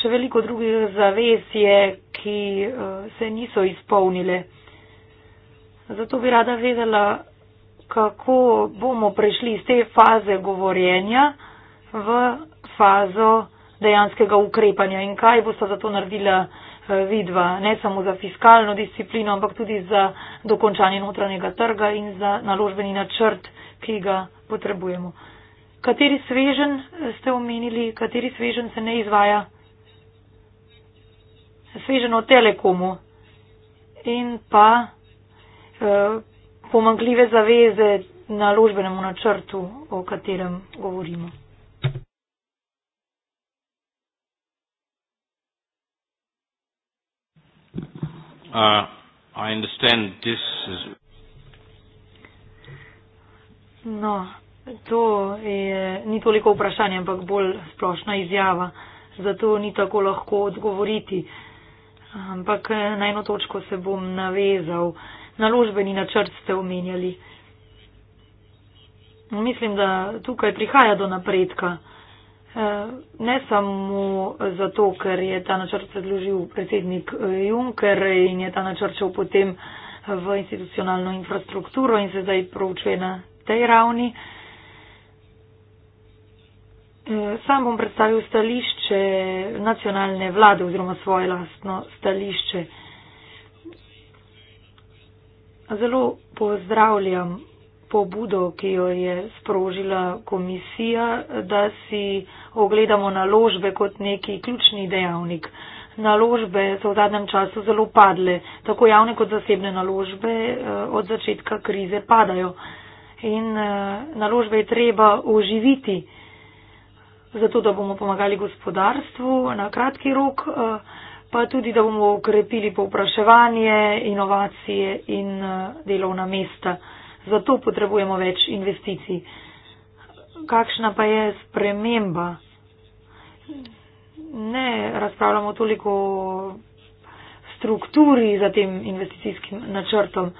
Še veliko drugih zavez je, ki eh, se niso izpolnile. Zato bi rada vedela, kako bomo prišli iz te faze govorjenja v fazo dejanskega ukrepanja in kaj bo sta za to naredila vidva, ne samo za fiskalno disciplino, ampak tudi za dokončanje notranjega trga in za naložbeni načrt, ki ga potrebujemo. Kateri svežen eh, ste omenili, kateri svežen se ne izvaja? Svežen o telekomu in pa eh, pomankljive zaveze naložbenemu načrtu, o katerem govorimo. Uh, I understand this is... No, to je, ni toliko vprašanje, ampak bolj splošna izjava. Zato ni tako lahko odgovoriti. Ampak eh, na eno točko se bom navezal. Naložbeni načrt ste omenjali. Mislim, da tukaj prihaja do napredka. Eh, ne samo zato, ker je ta načrt predložil predsednik eh, Juncker in je ta načrt šel potem v institucionalno infrastrukturo in se zdaj proučuje na tej ravni. Eh, sam bom predstavil stališče nacionalne vlade oziroma svoje lastno stališče. Zelo pozdravljam pobudo, ki jo je sprožila komisija, da si ogledamo naložbe kot neki ključni dejavnik. Naložbe so v zadnjem času zelo padle, tako javne kot zasebne naložbe eh, od začetka krize padajo. In eh, naložbe je treba oživiti, zato da bomo pomagali gospodarstvu na kratki rok, eh, pa tudi da bomo ukrepili povpraševanje, inovacije in delovna mesta zato potrebujemo več investicij. Kakšna pa je sprememba? Ne razpravljamo toliko o strukturi za tem investicijskim načrtom,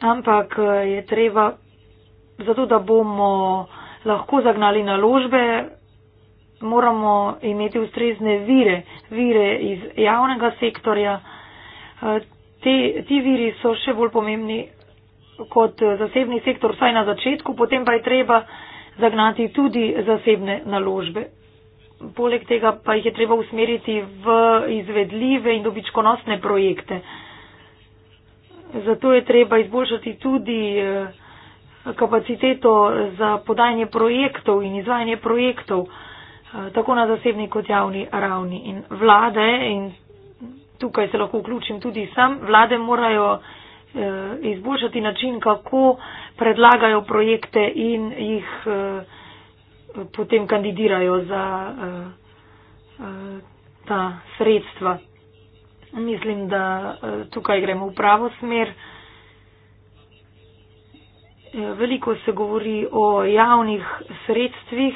ampak je treba, zato da bomo lahko zagnali naložbe, moramo imeti ustrezne vire, vire iz javnega sektorja. Te, ti viri so še bolj pomembni, kot eh, zasebni sektor vsaj na začetku, potem pa je treba zagnati tudi zasebne naložbe. Poleg tega pa jih je treba usmeriti v izvedljive in dobičkonosne projekte. Zato je treba izboljšati tudi eh, kapaciteto za podajanje projektov in izvajanje projektov eh, tako na zasebni kot javni ravni. In vlade, in tukaj se lahko vključim tudi sam, vlade morajo Eh, izboljšati način, kako predlagajo projekte in jih eh, potem kandidirajo za eh, ta sredstva. Mislim, da tukaj gremo v pravo smer. Veliko se govori o javnih sredstvih,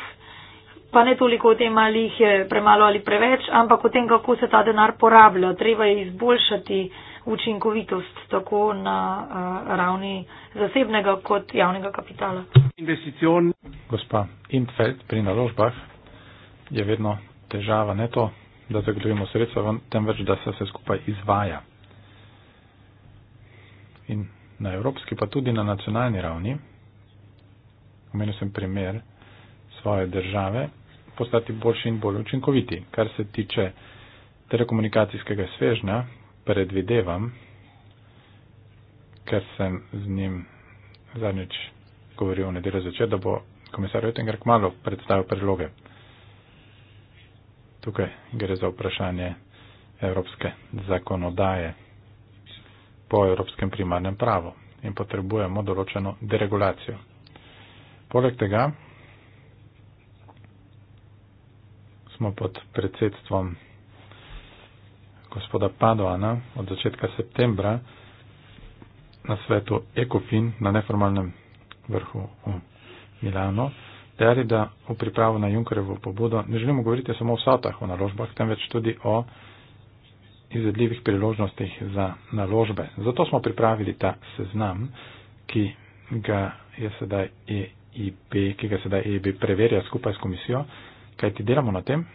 pa ne toliko o tem, ali jih je premalo ali preveč, ampak o tem, kako se ta denar porablja. Treba je izboljšati učinkovitost tako na uh, ravni zasebnega kot javnega kapitala. Investicion. Gospa Intfeld pri naložbah je vedno težava ne to, da zagotovimo sredstva, temveč da se vse skupaj izvaja. In na evropski, pa tudi na nacionalni ravni, omenil sem primer svoje države, postati boljši in bolj učinkoviti. Kar se tiče telekomunikacijskega svežnja, predvidevam, ker sem z njim zadnjič govoril v nedeljo začer, da bo komisar Rotengar kmalo predstavil predloge. Tukaj gre za vprašanje evropske zakonodaje po evropskem primarnem pravu in potrebujemo določeno deregulacijo. Poleg tega smo pod predsedstvom gospoda Padoana od začetka septembra na svetu ECOFIN na neformalnem vrhu v Milano, dejali, da v pripravo na Junkerevo pobudo ne želimo govoriti samo o vsotah v naložbah, temveč tudi o izvedljivih priložnostih za naložbe. Zato smo pripravili ta seznam, ki ga je sedaj EIB, ki ga sedaj EIB preverja skupaj s komisijo, kaj ti delamo na tem,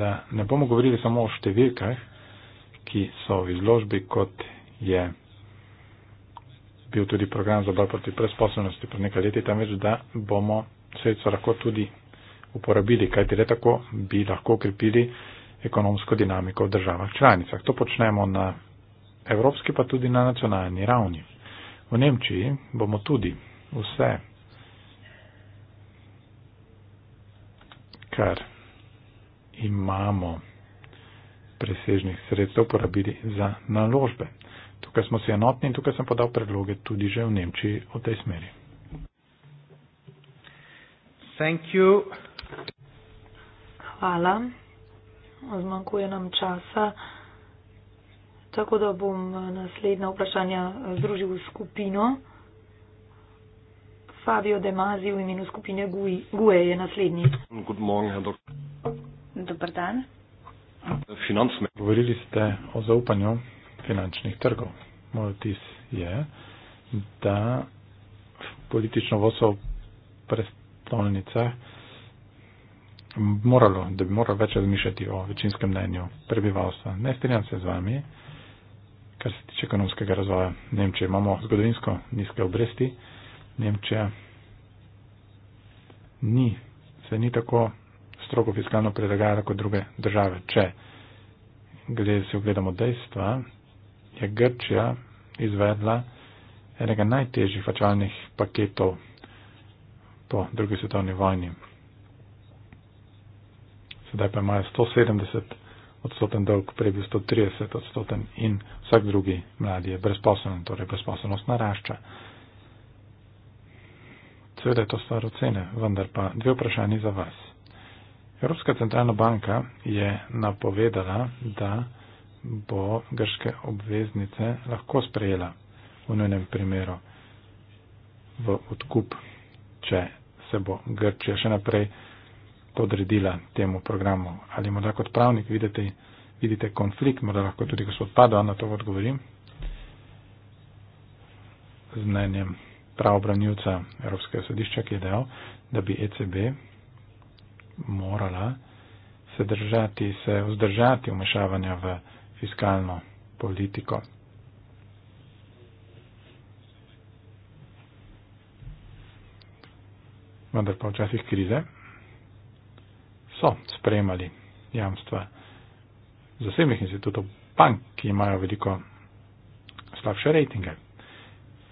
da ne bomo govorili samo o številkah, ki so v izložbi, kot je bil tudi program za boj proti presposobnosti pred nekaj leti, tam več, da bomo sredstvo lahko tudi uporabili, kajti le tako bi lahko ukrepili ekonomsko dinamiko v državah članicah. To počnemo na evropski, pa tudi na nacionalni ravni. V Nemčiji bomo tudi vse, kar imamo presežnih sredstev porabili za naložbe. Tukaj smo si enotni in tukaj sem podal predloge tudi že v Nemčiji o tej smeri. Hvala. Zmanjkuje nam časa, tako da bom naslednja vprašanja združil v skupino. Fabio De Mazi v imenu skupine GUE je naslednji. Dobar dan. Govorili ste o zaupanju finančnih trgov. Moj otis je, da politično vodstvo v predstavnicah moralo, da bi moralo več razmišljati o večinskem mnenju prebivalstva. Ne strinjam se z vami, kar se tiče ekonomskega razvoja Nemčije. Imamo zgodovinsko nizke obresti. Nemčija ni, se ni tako strogo fiskalno prilagajala kot druge države. Če glede se ogledamo dejstva, je Grčija izvedla enega najtežjih vačalnih paketov po drugi svetovni vojni. Sedaj pa imajo 170 odstoten dolg, prej bi 130 odstoten in vsak drugi mladi je brezposelen, torej brezposelnost narašča. Seveda je to stvar ocene, vendar pa dve vprašanje za vas. Evropska centralna banka je napovedala, da bo grške obveznice lahko sprejela v nujnem primeru v odkup, če se bo Grčija še naprej podredila temu programu. Ali morda kot pravnik vidite, vidite konflikt, morda lahko tudi gospod Padoan na to odgovori z mnenjem pravobranjivca Evropskega sodišča, ki je dejal, da bi ECB morala se držati, se vzdržati vmešavanja v fiskalno politiko. Vendar pa včasih krize so sprejemali jamstva zasebnih institutov, bank, ki imajo veliko slabše rejtinge.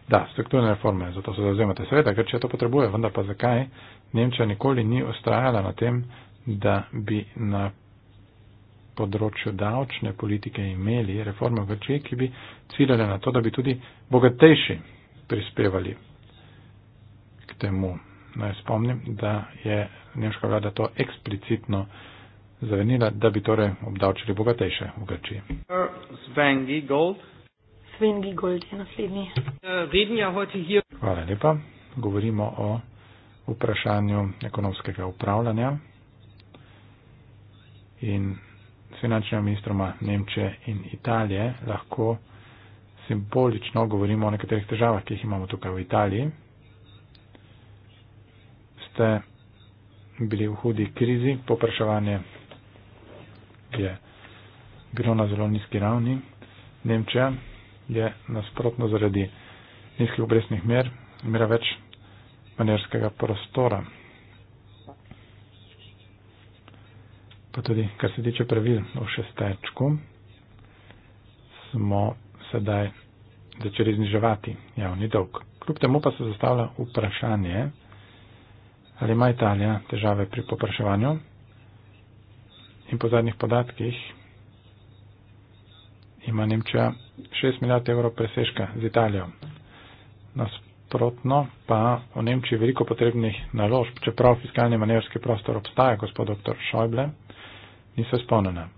Da, strukturne reforme, zato se zauzemate, seveda, ker če to potrebuje, vendar pa zakaj? Nemčija nikoli ni ustrajala na tem, da bi na področju davčne politike imeli reforme v Grčiji, ki bi ciljale na to, da bi tudi bogatejši prispevali k temu. Naj spomnim, da je nemška vlada to eksplicitno zavenila, da bi torej obdavčili bogatejše v Grčiji. Svengi Gold je naslednji. Ja Hvala lepa. Govorimo o vprašanju ekonomskega upravljanja in s finančnima ministroma Nemčije in Italije lahko simbolično govorimo o nekaterih težavah, ki jih imamo tukaj v Italiji. Ste bili v hudi krizi, popraševanje je bilo na zelo nizki ravni. Nemčija je nasprotno zaradi nizkih obrestnih mer, mera več manjerskega prostora. Pa tudi, kar se tiče pravil o šestečku, smo sedaj začeli zniževati javni dolg. Kljub temu pa se zastavlja vprašanje, ali ima Italija težave pri popraševanju in po zadnjih podatkih ima Nemčija 6 milijard evrov preseška z Italijo. Nas nasprotno pa v Nemčiji veliko potrebnih naložb, čeprav fiskalni manevrski prostor obstaja, gospod dr. Šojble, niso izpolnjena.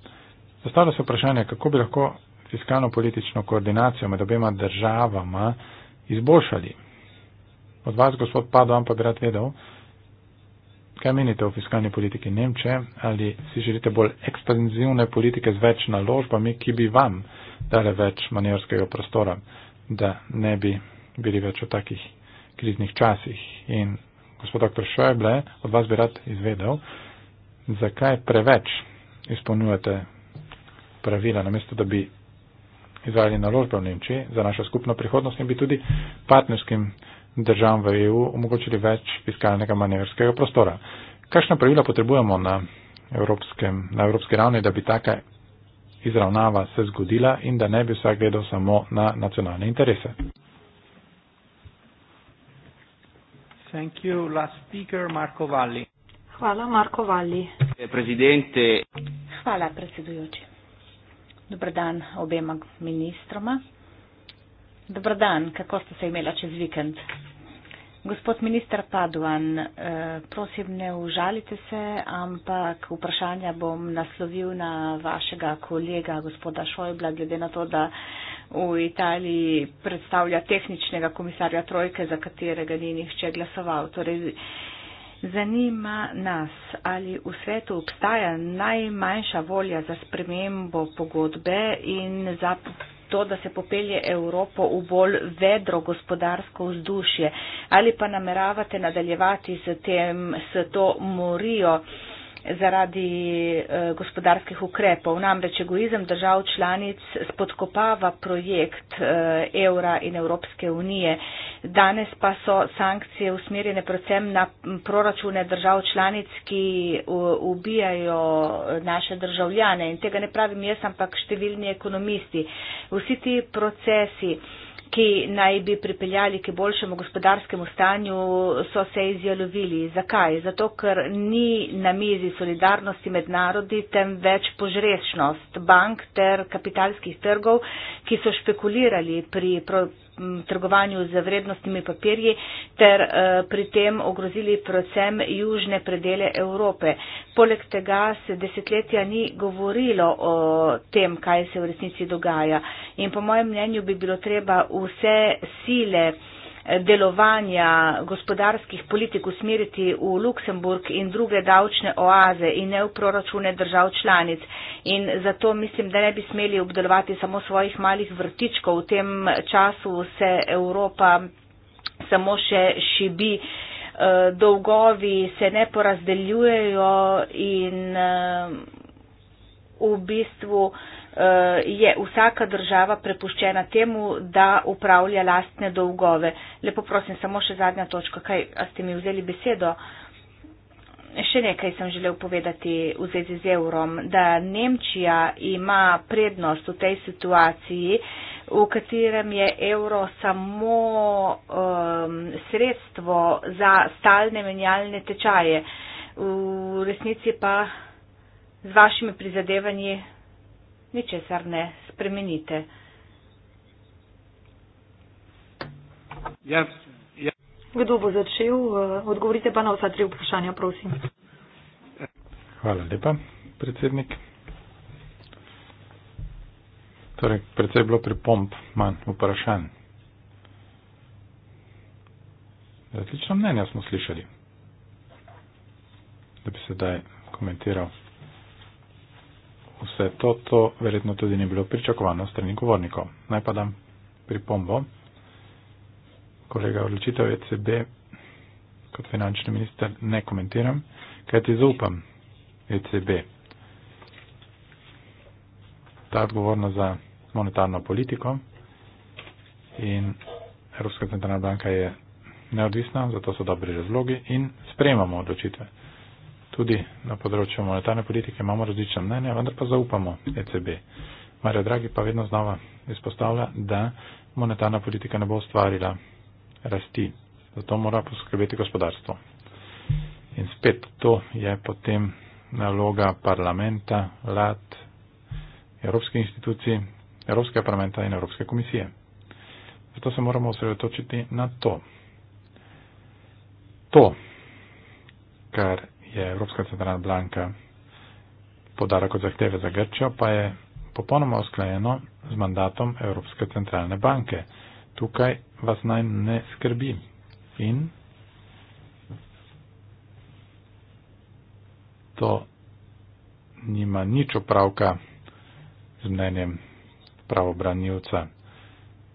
Zastavlja se vprašanje, kako bi lahko fiskalno-politično koordinacijo med obema državama izboljšali. Od vas, gospod Pado, vam pa bi rad vedel, kaj menite o fiskalni politiki Nemčije, ali si želite bolj ekspanzivne politike z več naložbami, ki bi vam dale več manevrskega prostora, da ne bi bili več v takih kriznih časih. In gospod dr. Šveble, od vas bi rad izvedel, zakaj preveč izpolnjujete pravila, namesto da bi izvajali naložbe v Nemčiji za našo skupno prihodnost in bi tudi partnerskim državam v EU omogočili več fiskalnega manevrskega prostora. Kakšna pravila potrebujemo na, na evropski ravni, da bi taka izravnava se zgodila in da ne bi vsak gledal samo na nacionalne interese? Thank you. Last speaker, Marko Valli. Hvala, Marko Valli. Presidente. Hvala, predsedujoči. Dobrodan obema ministroma. Dobrodan, kako ste se imela čez vikend? Gospod minister Paduan, eh, prosim, ne užalite se, ampak vprašanja bom naslovil na vašega kolega, gospoda Šojbla, glede na to, da v Italiji predstavlja tehničnega komisarja Trojke, za katerega ni nihče glasoval. Torej, zanima nas, ali v svetu obstaja najmanjša volja za spremembo pogodbe in za to, da se popelje Evropo v bolj vedro gospodarsko vzdušje. Ali pa nameravate nadaljevati s, tem, s to morijo? zaradi eh, gospodarskih ukrepov. Namreč egoizem držav članic spodkopava projekt eh, evra in Evropske unije. Danes pa so sankcije usmerjene predvsem na proračune držav članic, ki ubijajo eh, naše državljane. In tega ne pravim jaz, ampak številni ekonomisti. Vsi ti procesi ki naj bi pripeljali k boljšemu gospodarskemu stanju, so se izjalovili. Zakaj? Zato, ker ni na mizi solidarnosti med narodi, temveč požrešnost bank ter kapitalskih trgov, ki so špekulirali pri trgovanju z vrednostnimi papirji ter eh, pri tem ogrozili predvsem južne predele Evrope. Poleg tega se desetletja ni govorilo o tem, kaj se v resnici dogaja. In po mojem mnenju bi bilo treba vse sile delovanja gospodarskih politik usmeriti v Luksemburg in druge davčne oaze in ne v proračune držav članic. In zato mislim, da ne bi smeli obdelovati samo svojih malih vrtičkov. V tem času se Evropa samo še šibi. Eh, dolgovi se ne porazdeljujejo in eh, v bistvu. Eh, je vsaka država prepuščena temu, da upravlja lastne dolgove. Lepo prosim, samo še zadnja točka. Kaj, a ste mi vzeli besedo? Še nekaj sem želel povedati v zvezi z evrom, da Nemčija ima prednost v tej situaciji, v katerem je evro samo um, sredstvo za stalne menjalne tečaje. V resnici pa z vašimi prizadevanji ničesar ne spremenite. Yes. Ja, yes. Ja. Kdo bo začel? Eh, odgovorite pa na vsa tri vprašanja, prosim. Hvala lepa, predsednik. Torej, predvsej je bilo pripomp, manj vprašanj. Različno mnenje smo slišali, da bi se daj komentiral vse to, to verjetno tudi ni bilo pričakovano strani govornikov. Naj pa dam pripombo. Kolega odločitev ECB kot finančni minister ne komentiram, kaj ti zaupam ECB. Ta odgovorna za monetarno politiko in Evropska centralna banka je neodvisna, zato so dobri razlogi in sprejemamo odločitve tudi na področju monetarne politike imamo različna mnenja, vendar pa zaupamo ECB. Marja Dragi pa vedno znova izpostavlja, da monetarna politika ne bo ustvarila rasti, zato mora poskrbeti gospodarstvo. In spet to je potem naloga parlamenta, vlad, evropskih institucij, Evropskega parlamenta in Evropske komisije. Zato se moramo osredotočiti na to. To, kar je Evropska centralna banka podala kot zahteve za Grčijo, pa je popolnoma usklajeno z mandatom Evropske centralne banke. Tukaj vas naj ne skrbi. In to nima nič opravka z mnenjem pravobranilca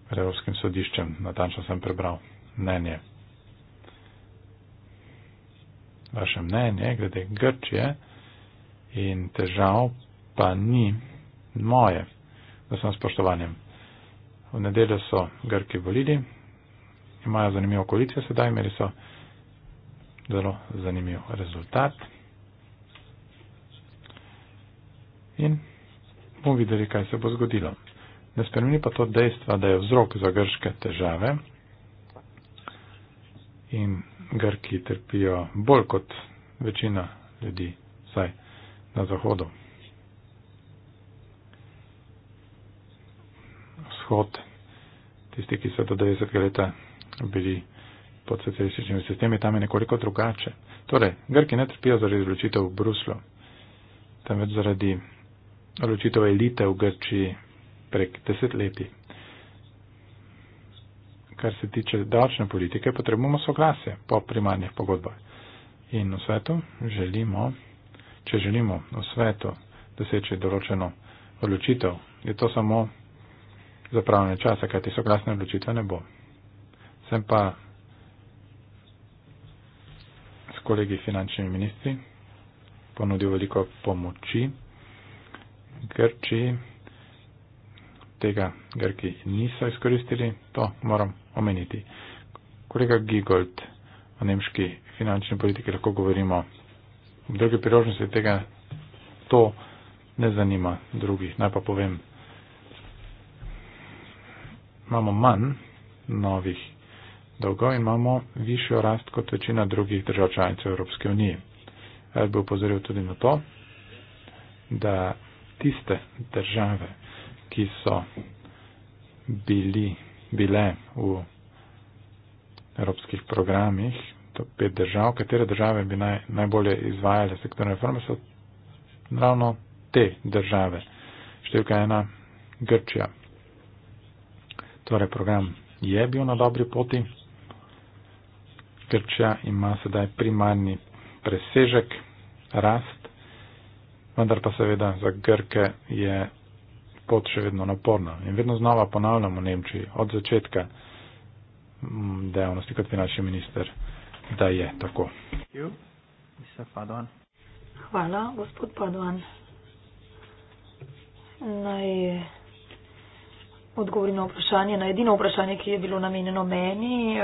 pred Evropskim sodiščem. Natančno sem prebral mnenje vaše mnenje glede Grčije in težav pa ni moje. Da sem spoštovanjem. V nedeljo so Grki volili, imajo zanimivo koalicijo sedaj, imeli so zelo zanimiv rezultat. In bomo videli, kaj se bo zgodilo. Ne spremeni pa to dejstva, da je vzrok za grške težave in Grki trpijo bolj kot večina ljudi, saj na zahodu. Vzhod, tisti, ki so do 90. leta bili pod socialističnimi sistemi, tam je nekoliko drugače. Torej, Grki ne trpijo zaradi izločitev v Bruslu, temveč zaradi odločitev elite v Grči prek desetletij kar se tiče davčne politike, potrebujemo soglasje po primarnih pogodbah. In v svetu želimo, če želimo v svetu doseči določeno odločitev, je to samo zapravljanje časa, kajti soglasne odločitve ne bo. Sem pa s kolegi finančnimi ministri ponudil veliko pomoči Grčiji. Tega Grki niso izkoristili, to moram omeniti. Kolega Gigold o nemški finančni politiki lahko govorimo. V druge priložnosti tega to ne zanima drugih. Naj pa povem, imamo manj novih dolgov in imamo višjo rast kot večina drugih držav članic Evropske unije. Rad bi upozoril tudi na to, da tiste države, ki so bili bile v evropskih programih, to pet držav, katere države bi naj, najbolje izvajale sektorne reforme, so ravno te države. Številka ena, Grčija. Torej, program je bil na dobri poti. Grčija ima sedaj primarni presežek, rast, vendar pa seveda za Grke je pot še vedno naporna in vedno znova ponavljam v Nemčiji od začetka mm, dejavnosti kot finančni minister, da je tako. Hvala, gospod Padovan. Naj odgovorim na vprašanje, na edino vprašanje, ki je bilo namenjeno meni eh,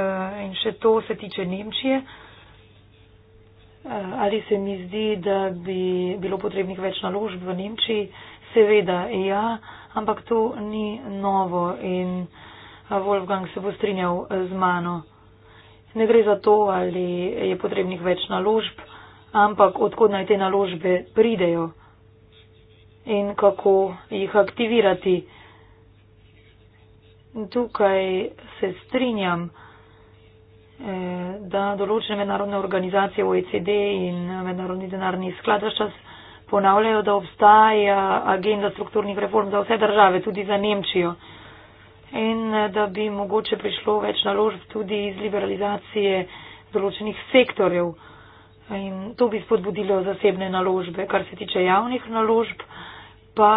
in še to se tiče Nemčije. Eh, ali se mi zdi, da bi bilo potrebnih več naložb v Nemčiji, Seveda, ja, ampak to ni novo in Wolfgang se bo strinjal z mano. Ne gre za to, ali je potrebnih več naložb, ampak odkud naj te naložbe pridejo in kako jih aktivirati. Tukaj se strinjam, eh, da določene mednarodne organizacije OECD in mednarodni denarni sklad včasih ponavljajo, da obstaja agenda strukturnih reform za vse države, tudi za Nemčijo. In eh, da bi mogoče prišlo več naložb tudi iz liberalizacije določenih sektorjev. In to bi spodbudilo zasebne naložbe. Kar se tiče javnih naložb, pa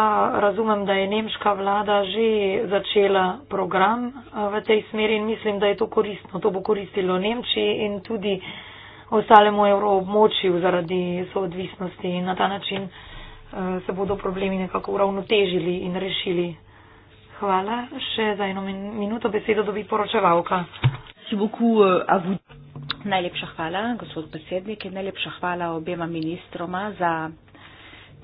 razumem, da je nemška vlada že začela program eh, v tej smeri in mislim, da je to koristno. To bo koristilo Nemčiji in tudi ostalemu evroobmočju zaradi soodvisnosti in na ta način eh, se bodo problemi nekako uravnotežili in rešili. Hvala. Še za eno minuto besedo dobi poročevalka. Eh, najlepša hvala, gospod predsednik, in najlepša hvala obema ministroma za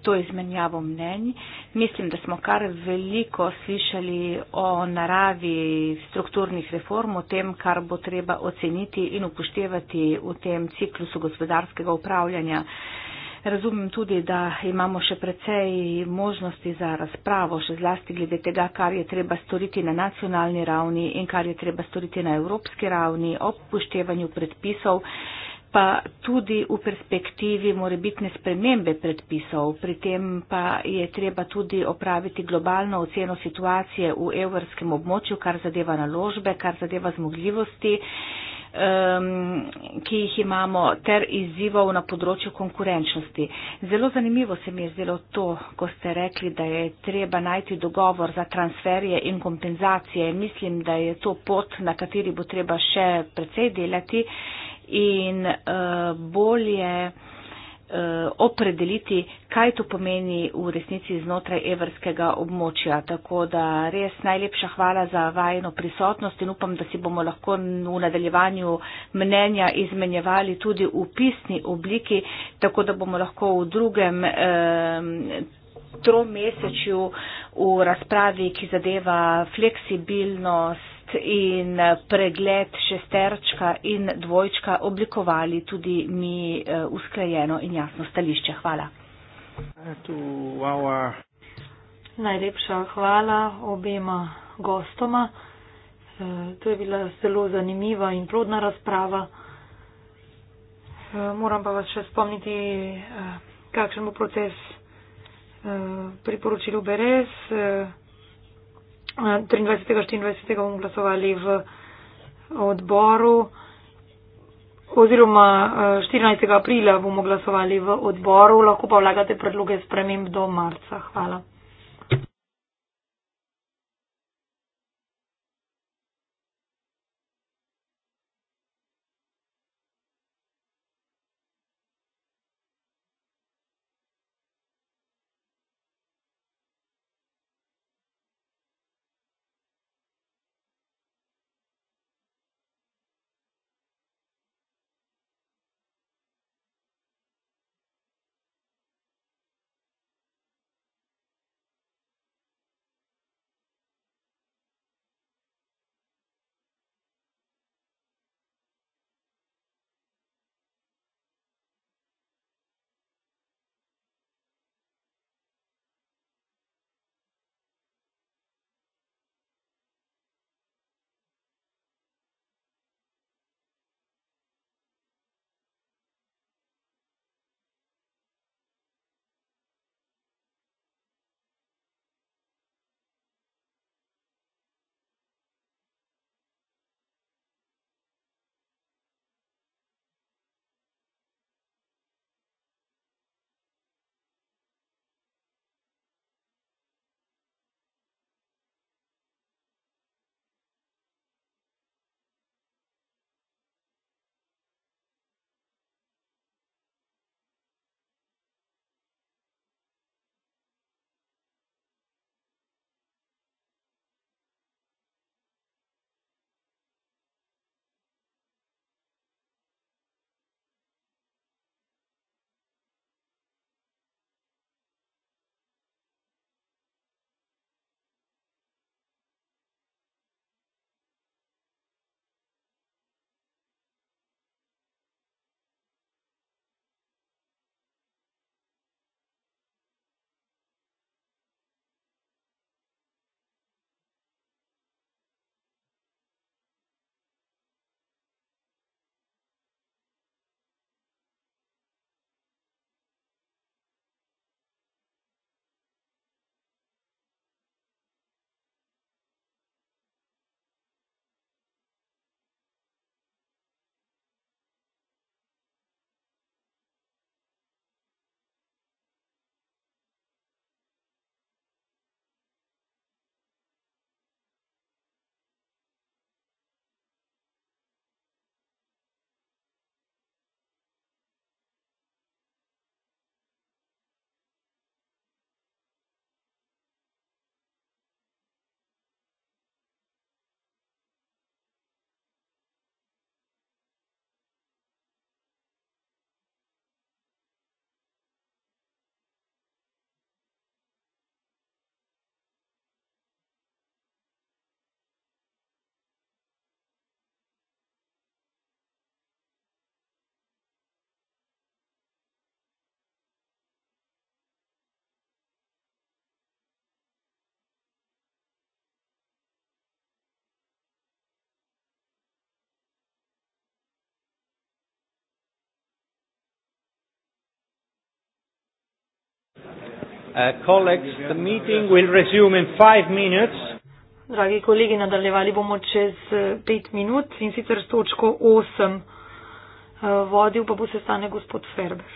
to izmenjavo mnenj. Mislim, da smo kar veliko slišali o naravi strukturnih reform, o tem, kar bo treba oceniti in upoštevati v tem ciklusu gospodarskega upravljanja. Razumem tudi, da imamo še precej možnosti za razpravo, še zlasti glede tega, kar je treba storiti na nacionalni ravni in kar je treba storiti na evropski ravni ob upoštevanju predpisov pa tudi v perspektivi morebitne spremembe predpisov. Pri tem pa je treba tudi opraviti globalno oceno situacije v evrskem območju, kar zadeva naložbe, kar zadeva zmogljivosti, um, ki jih imamo, ter izzivov na področju konkurenčnosti. Zelo zanimivo se mi je zdelo to, ko ste rekli, da je treba najti dogovor za transferje in kompenzacije. Mislim, da je to pot, na kateri bo treba še precej delati in eh, bolje eh, opredeliti, kaj to pomeni v resnici znotraj evrskega območja. Tako da res najlepša hvala za vajno prisotnost in upam, da si bomo lahko v nadaljevanju mnenja izmenjevali tudi v pisni obliki, tako da bomo lahko v drugem eh, tromesečju v razpravi, ki zadeva fleksibilnost in eh, pregled šesterčka in dvojčka oblikovali tudi mi eh, usklajeno in jasno stališče. Hvala. Najlepša hvala obema gostoma. Eh, to je bila zelo zanimiva in plodna razprava. Moram pa vas še spomniti, kakšen bo proces priporočil v Beres. 23. 24. bomo glasovali v odboru oziroma 14. Eh, aprila bomo glasovali v odboru, lahko pa vlagate predloge sprememb do marca. Hvala. Uh, colleagues, the meeting will resume in five minutes. Dragi kolegi, nadaljevali bomo čez eh, pet minut in sicer s točko osem. Eh, vodil pa bo sestanek gospod Ferber.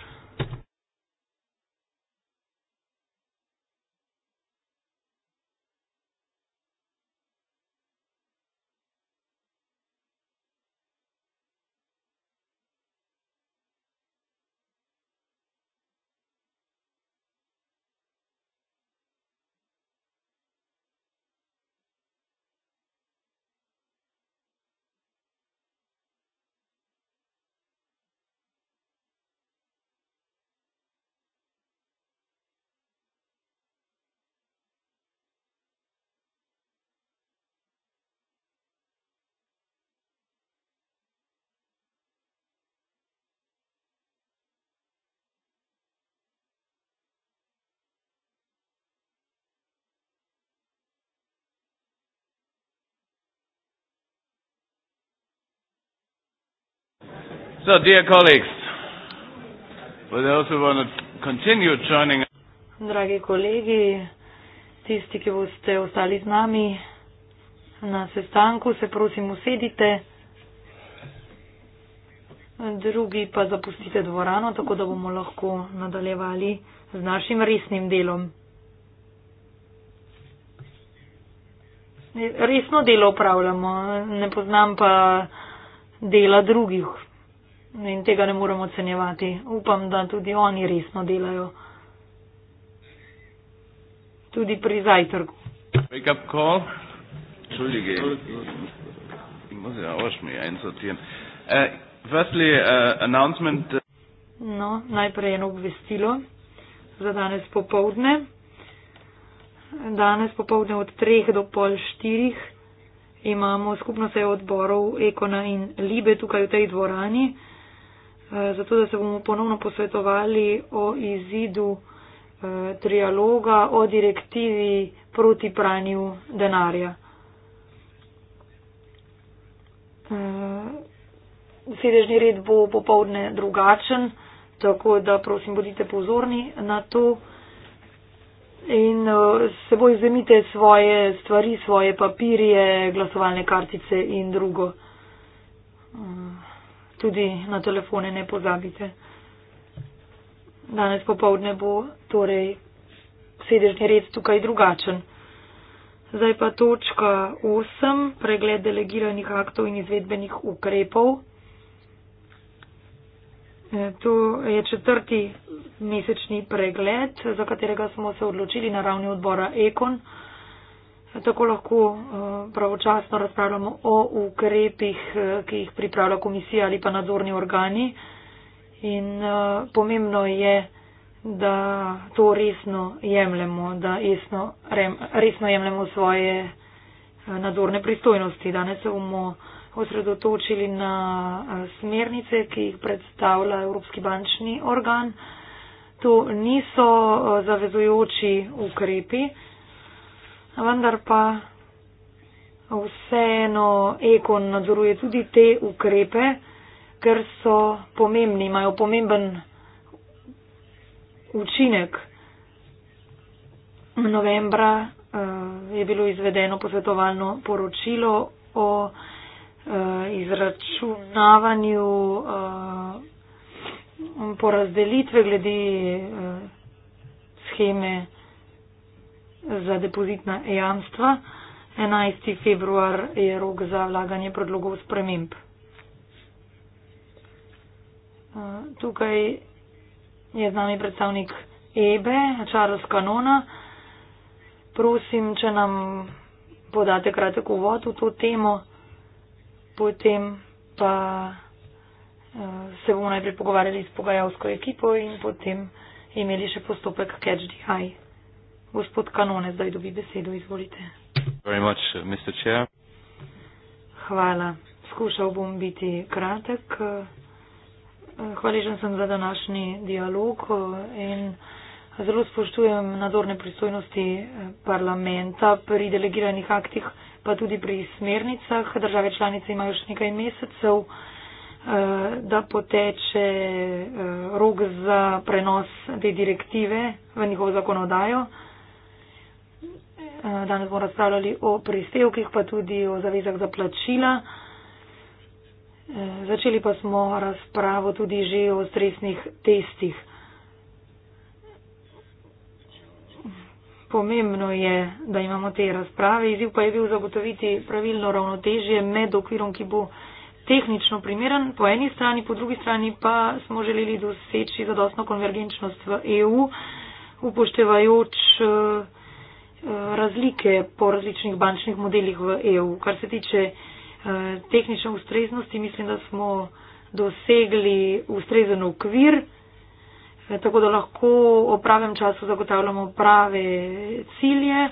So, dear colleagues, for those who want to continue joining. Dragi kolegi, tisti, ki boste ostali z nami na sestanku, se prosim usedite. Drugi pa zapustite dvorano, tako da bomo lahko nadaljevali z našim resnim delom. Resno delo upravljamo, ne poznam pa dela drugih in tega ne moremo ocenjevati. Upam, da tudi oni resno delajo. Tudi pri zajtrku. Wake up call. Entschuldige. Ich muss ja auch mich einsortieren. Äh, firstly, uh, announcement. Äh, no, najprej eno obvestilo za danes popovdne. Danes popovdne od 3 do pol 4 imamo skupno sejo odborov Ekona in Libe tukaj v tej dvorani. Eh, zato da se bomo ponovno posvetovali o izidu eh, trialoga, o direktivi proti pranju denarja. 7. Eh, red bo popovdne drugačen, tako da prosim bodite pozorni na to in seboj vzemite svoje stvari, svoje papirje, glasovalne kartice in drugo tudi na telefone ne pozabite. Danes popovdne bo torej sedežni red tukaj drugačen. Zdaj pa točka 8, pregled delegiranih aktov in izvedbenih ukrepov. E, to je četrti mesečni pregled, za katerega smo se odločili na ravni odbora Ekon. Tako lahko eh, pravočasno razpravljamo o ukrepih, eh, ki jih pripravlja komisija ali pa nadzorni organi. In eh, pomembno je, da to resno jemljemo, da resno, resno jemljemo svoje nadzorne pristojnosti. Danes se bomo osredotočili na smernice, ki jih predstavlja Evropski bančni organ. To niso zavezujoči ukrepi vendar pa vseeno Ekon nadzoruje tudi te ukrepe, ker so pomembni, imajo pomemben učinek. Novembra eh, je bilo izvedeno posvetovalno poročilo o eh, izračunavanju eh, porazdelitve glede scheme za depozitna jamstva. 11. februar je rok za vlaganje predlogov sprememb. Eh, tukaj je z nami predstavnik EBE, Charles Kanona. Prosim, če nam podate kratek uvod v to temo, potem pa eh, se bomo najprej pogovarjali s pogajalsko ekipo in potem imeli še postopek catch the eye. Gospod Kanone zdaj dobi besedo, izvolite. Much, uh, Hvala. Skušal bom biti kratek. Uh, hvaležen sem za današnji dialog uh, in zelo spoštujem nadzorne pristojnosti parlamenta pri delegiranih aktih, pa tudi pri smernicah. Države članice imajo še nekaj mesecev, da poteče rok za prenos te direktive v njihovo zakonodajo. Eh, danes bomo razpravljali o prispevkih, pa tudi o zavezah za plačila. Eh, začeli pa smo razpravo tudi že o stresnih testih. Pomembno je, da imamo te razprave. Izjiv pa je bil zagotoviti pravilno ravnotežje med okvirom, ki bo tehnično primeren po eni strani, po drugi strani pa smo želeli doseči zadostno konvergenčnost v EU, upoštevajoč. Uh, razlike po različnih bančnih modelih v EU. Kar se tiče eh, tehnične ustreznosti, mislim, da smo dosegli ustrezen okvir, eh, tako da lahko v pravem času zagotavljamo prave cilje. Eh,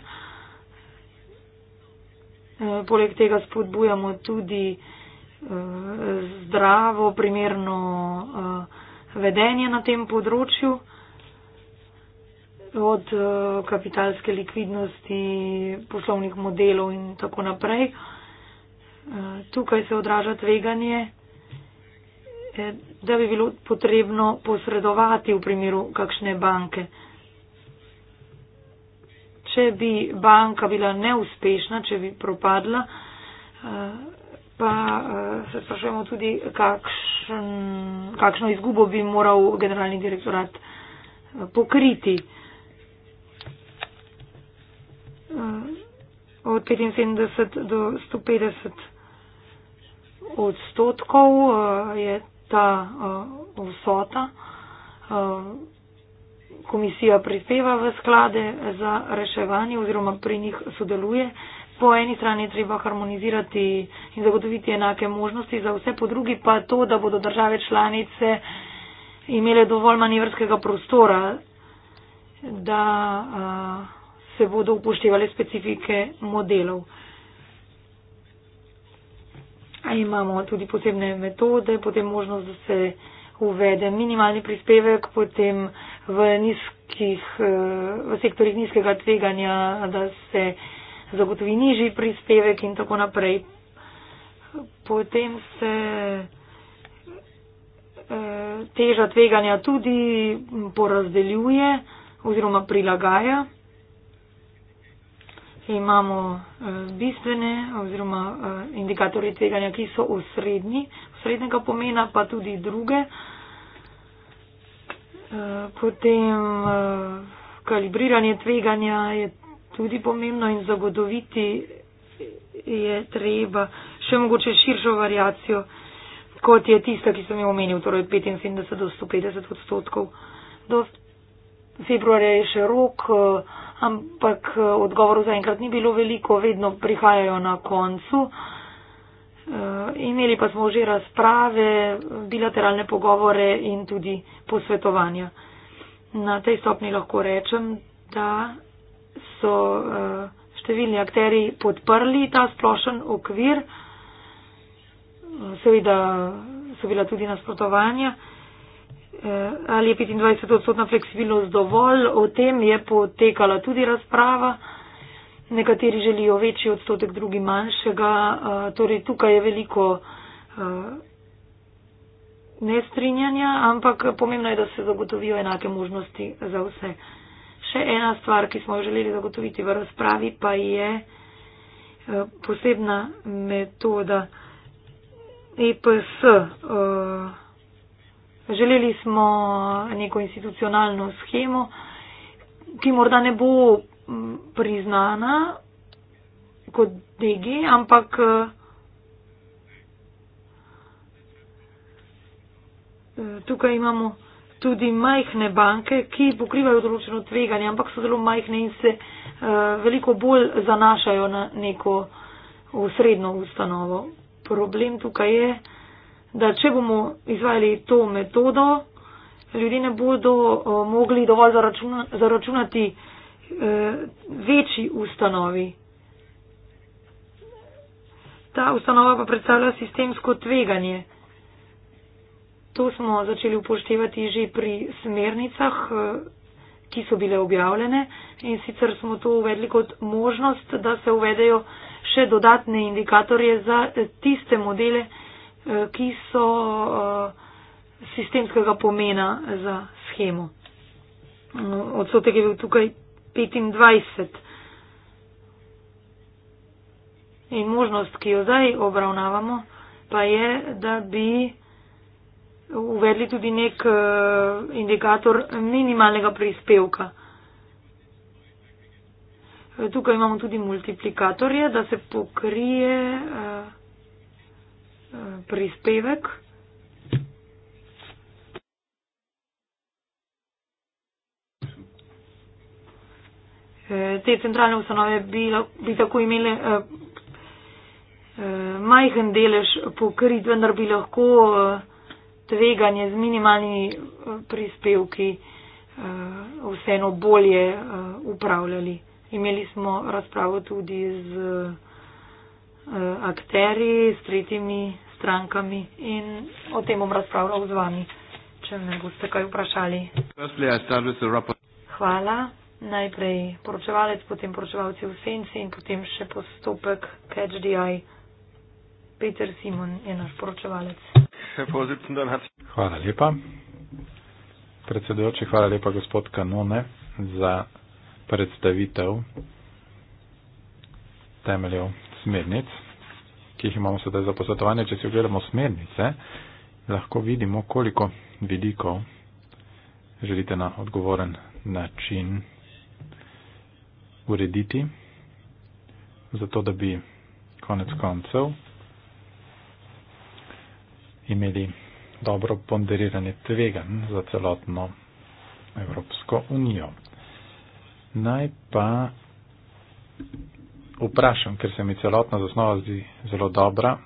poleg tega spodbujamo tudi zdravo, primerno vedenje na tem področju od eh, kapitalske likvidnosti, poslovnih modelov in tako naprej. Eh, tukaj se odraža tveganje, eh, da bi bilo potrebno posredovati v primeru kakšne banke. Če bi banka bila neuspešna, če bi propadla, pa se sprašujemo tudi, kakšen, kakšno izgubo bi moral generalni direktorat pokriti. Eh, od 75 do 150 odstotkov eh, je ta eh, vsota. Komisija prispeva v sklade za reševanje oziroma pri njih sodeluje. Po eni strani treba harmonizirati in zagotoviti enake možnosti za vse, po drugi pa to, da bodo države članice imele dovolj manevrskega prostora, da. Uh, se bodo upoštevali specifike modelov. A imamo tudi posebne metode, potem možnost, da se uvede minimalni prispevek, potem v, nizkih, eh, v sektorih nizkega tveganja, da se zagotovi nižji prispevek in tako naprej. Potem se eh, teža tveganja tudi porazdeljuje oziroma prilagaja imamo eh, bistvene oziroma eh, indikatorje tveganja, ki so osrednji, osrednjega pomena, pa tudi druge. Eh, potem kalibriranje tveganja je tudi pomembno in zagotoviti je treba še mogoče širšo variacijo, kot je tista, ki sem jo omenil, torej 75 do 150 odstotkov. Do februarja je še rok ampak eh, odgovorov zaenkrat ni bilo veliko, vedno prihajajo na koncu. Eh, imeli pa smo že razprave, bilateralne pogovore in tudi posvetovanja. Na tej stopni lahko rečem, da so eh, številni akteri podprli ta splošen okvir, seveda so bila tudi nasprotovanja. Eh, ali je 25-odstotna fleksibilnost dovolj, o tem je potekala tudi razprava. Nekateri želijo večji odstotek, drugi manjšega. Eh, torej, tukaj je veliko eh, nestrinjanja, ampak pomembno je, da se zagotovijo enake možnosti za vse. Še ena stvar, ki smo jo želeli zagotoviti v razpravi, pa je posebna metoda EPS. Uh, Želeli smo neko institucionalno schemo, ki morda ne bo mm, priznana kot DG, ampak eh, tukaj imamo tudi majhne banke, ki pokrivajo določeno tveganje, ampak so zelo majhne in se eh, veliko bolj zanašajo na neko osrednjo ustanovo. Problem tukaj je, da če bomo izvajali to metodo, ljudje ne bodo eh, mogli dovolj zaračuna, zaračunati eh, večji ustanovi. Ta ustanova pa predstavlja sistemsko tveganje. To smo začeli upoštevati že pri smernicah, eh, ki so bile objavljene in sicer smo to uvedli kot možnost, da se uvedejo še dodatne indikatorje za tiste modele, Eh, ki so eh, sistemskega pomena za schemo. Eh, odstotek je bil tukaj 25. In možnost, ki jo zdaj obravnavamo, pa je, da bi uvedli tudi nek indikator minimalnega prispevka. Tukaj imamo tudi multiplikatorje, da se pokrije. Uh, prispevek. E, te centralne ustanove bi, bi tako imele e, e, majhen delež pokrit, vendar bi lahko tveganje z minimalnimi prispevki vseeno bolje upravljali. Imeli smo razpravo tudi z. Eh, akteri, s tretjimi strankami in o tem bom razpravljal z vami, če me boste kaj vprašali. Hvala. Najprej poročevalec, potem poročevalci v senci in potem še postopek Catch the Eye. Peter Simon je naš poročevalec. Hvala lepa. Predsedujoči, hvala lepa gospod Kanone za predstavitev temeljev smernic, ki jih imamo sedaj za posvetovanje, če si ogledamo smernice, lahko vidimo, koliko vidikov želite na odgovoren način urediti, zato da bi konec koncev imeli dobro ponderiranje tveganj za celotno Evropsko unijo. Naj pa vprašam, ker se mi celotna zasnova zdi zelo dobra,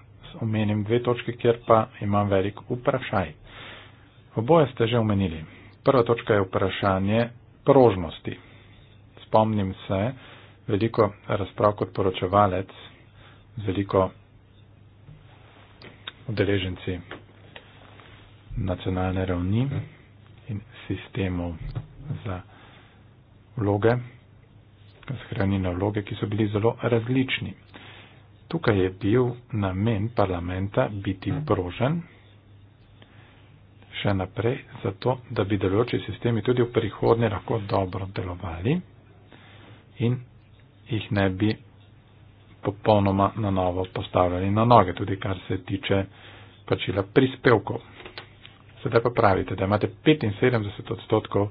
omenim dve točke, kjer pa imam velik vprašaj. Oboje ste že omenili. Prva točka je vprašanje prožnosti. Spomnim se veliko razprav kot poročevalec, veliko udeleženci nacionalne ravni in sistemov za vloge zahranjene naloge, ki so bili zelo različni. Tukaj je bil namen parlamenta biti prožen še naprej, zato da bi delujoči sistemi tudi v prihodnje lahko dobro delovali in jih ne bi popolnoma na novo postavljali na noge, tudi kar se tiče plačila prispevkov. Sedaj pa pravite, da imate 75 odstotkov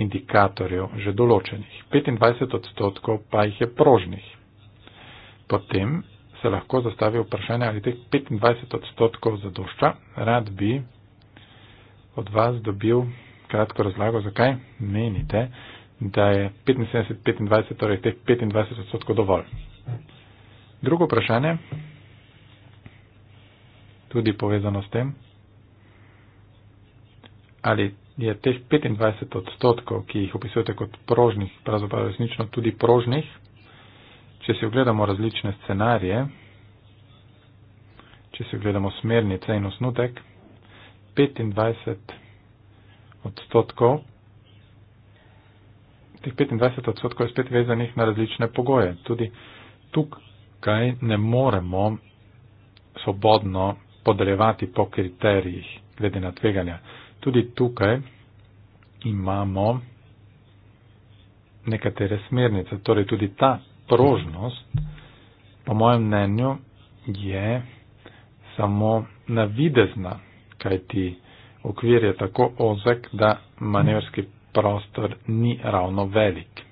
indikatorjev že določenih, 25 odstotkov pa jih je prožnih. Potem se lahko zastavi vprašanje, ali teh 25 odstotkov zadošča. Rad bi od vas dobil kratko razlago, zakaj menite, da je 75-25, torej teh 25 odstotkov dovolj. Drugo vprašanje, tudi povezano s tem, ali je teh 25 odstotkov, ki jih opisujete kot prožnih, pravzaprav resnično tudi prožnih, če si ogledamo različne scenarije, če si ogledamo smernice in osnutek, 25 odstotkov, teh 25 odstotkov je spet vezanih na različne pogoje. Tudi tukaj ne moremo svobodno podeljevati po kriterijih glede na tveganja. Tudi tukaj imamo nekatere smernice, torej tudi ta prožnost, po mojem mnenju, je samo navidezna, kajti okvir je tako ozek, da manevrski prostor ni ravno velik.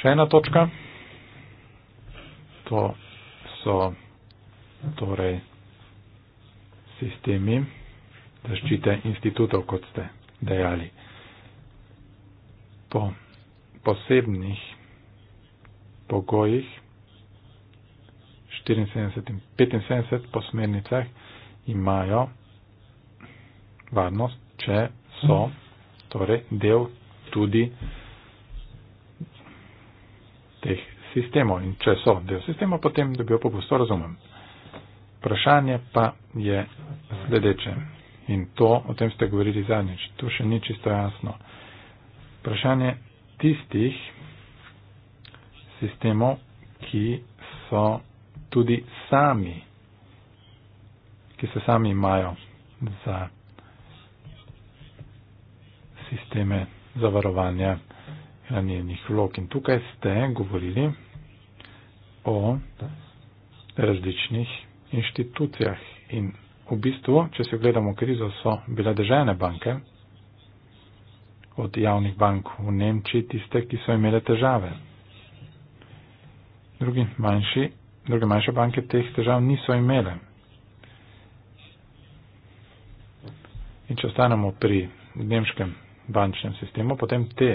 Še ena točka. To so torej sistemi zaščite institutov, kot ste dejali. Po posebnih pogojih 74 in 75 po smernicah imajo varnost, če so torej del tudi teh sistemov. In če so del sistemov, potem dobijo popusto, razumem vprašanje pa je sledeče. In to, o tem ste govorili zadnjič, tu še ni čisto jasno. Vprašanje tistih sistemov, ki so tudi sami, ki se sami imajo za sisteme zavarovanja ranjenih vlog. In tukaj ste govorili o različnih inštitucijah in v bistvu, če si ogledamo krizo, so bile državne banke od javnih bank v Nemčiji tiste, ki so imele težave. Drugi manjši, druge manjše banke teh težav niso imele. In če ostanemo pri nemškem bančnem sistemu, potem te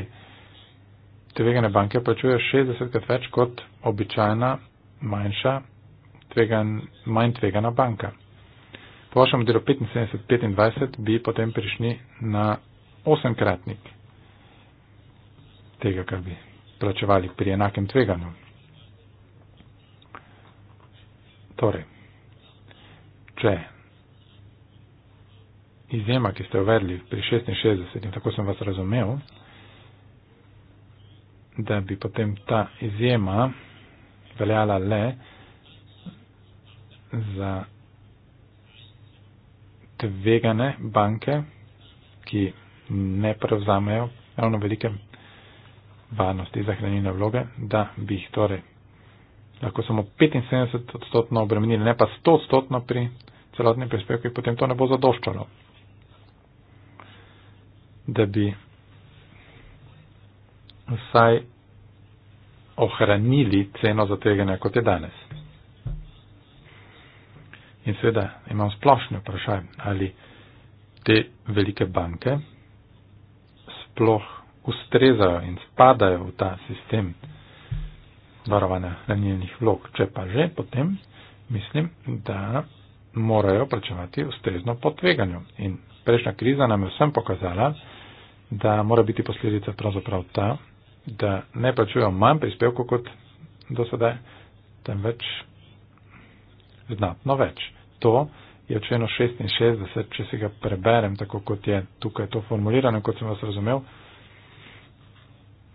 tvegane banke plačujejo 60 krat več kot običajna manjša tvegan, manj tvegana banka. Po vašem modelu 75-25 bi potem prišli na osemkratnik tega, kar bi plačevali pri enakem tveganju. Torej, če izjema, ki ste uvedli pri 66 in tako sem vas razumel, da bi potem ta izjema veljala le za tvegane banke, ki ne prevzamejo ravno velike varnosti za hranilne vloge, da bi jih torej lahko samo 75 odstotno obremenili, ne pa 100 odstotno pri celotni prispevki, potem to ne bo zadoščalo, da bi vsaj ohranili ceno za tveganje, kot je danes. In seveda imam splošno vprašanje, ali te velike banke sploh ustrezajo in spadajo v ta sistem varovanja ranjenih vlog. Če pa že, potem mislim, da morajo plačevati ustrezno potveganju. In prejšnja kriza nam je vsem pokazala, da mora biti posledica pravzaprav ta, da ne plačujejo manj prispevkov kot do sedaj, temveč znatno več to je v členu 66, če si ga preberem, tako kot je tukaj to formulirano, kot sem vas razumel,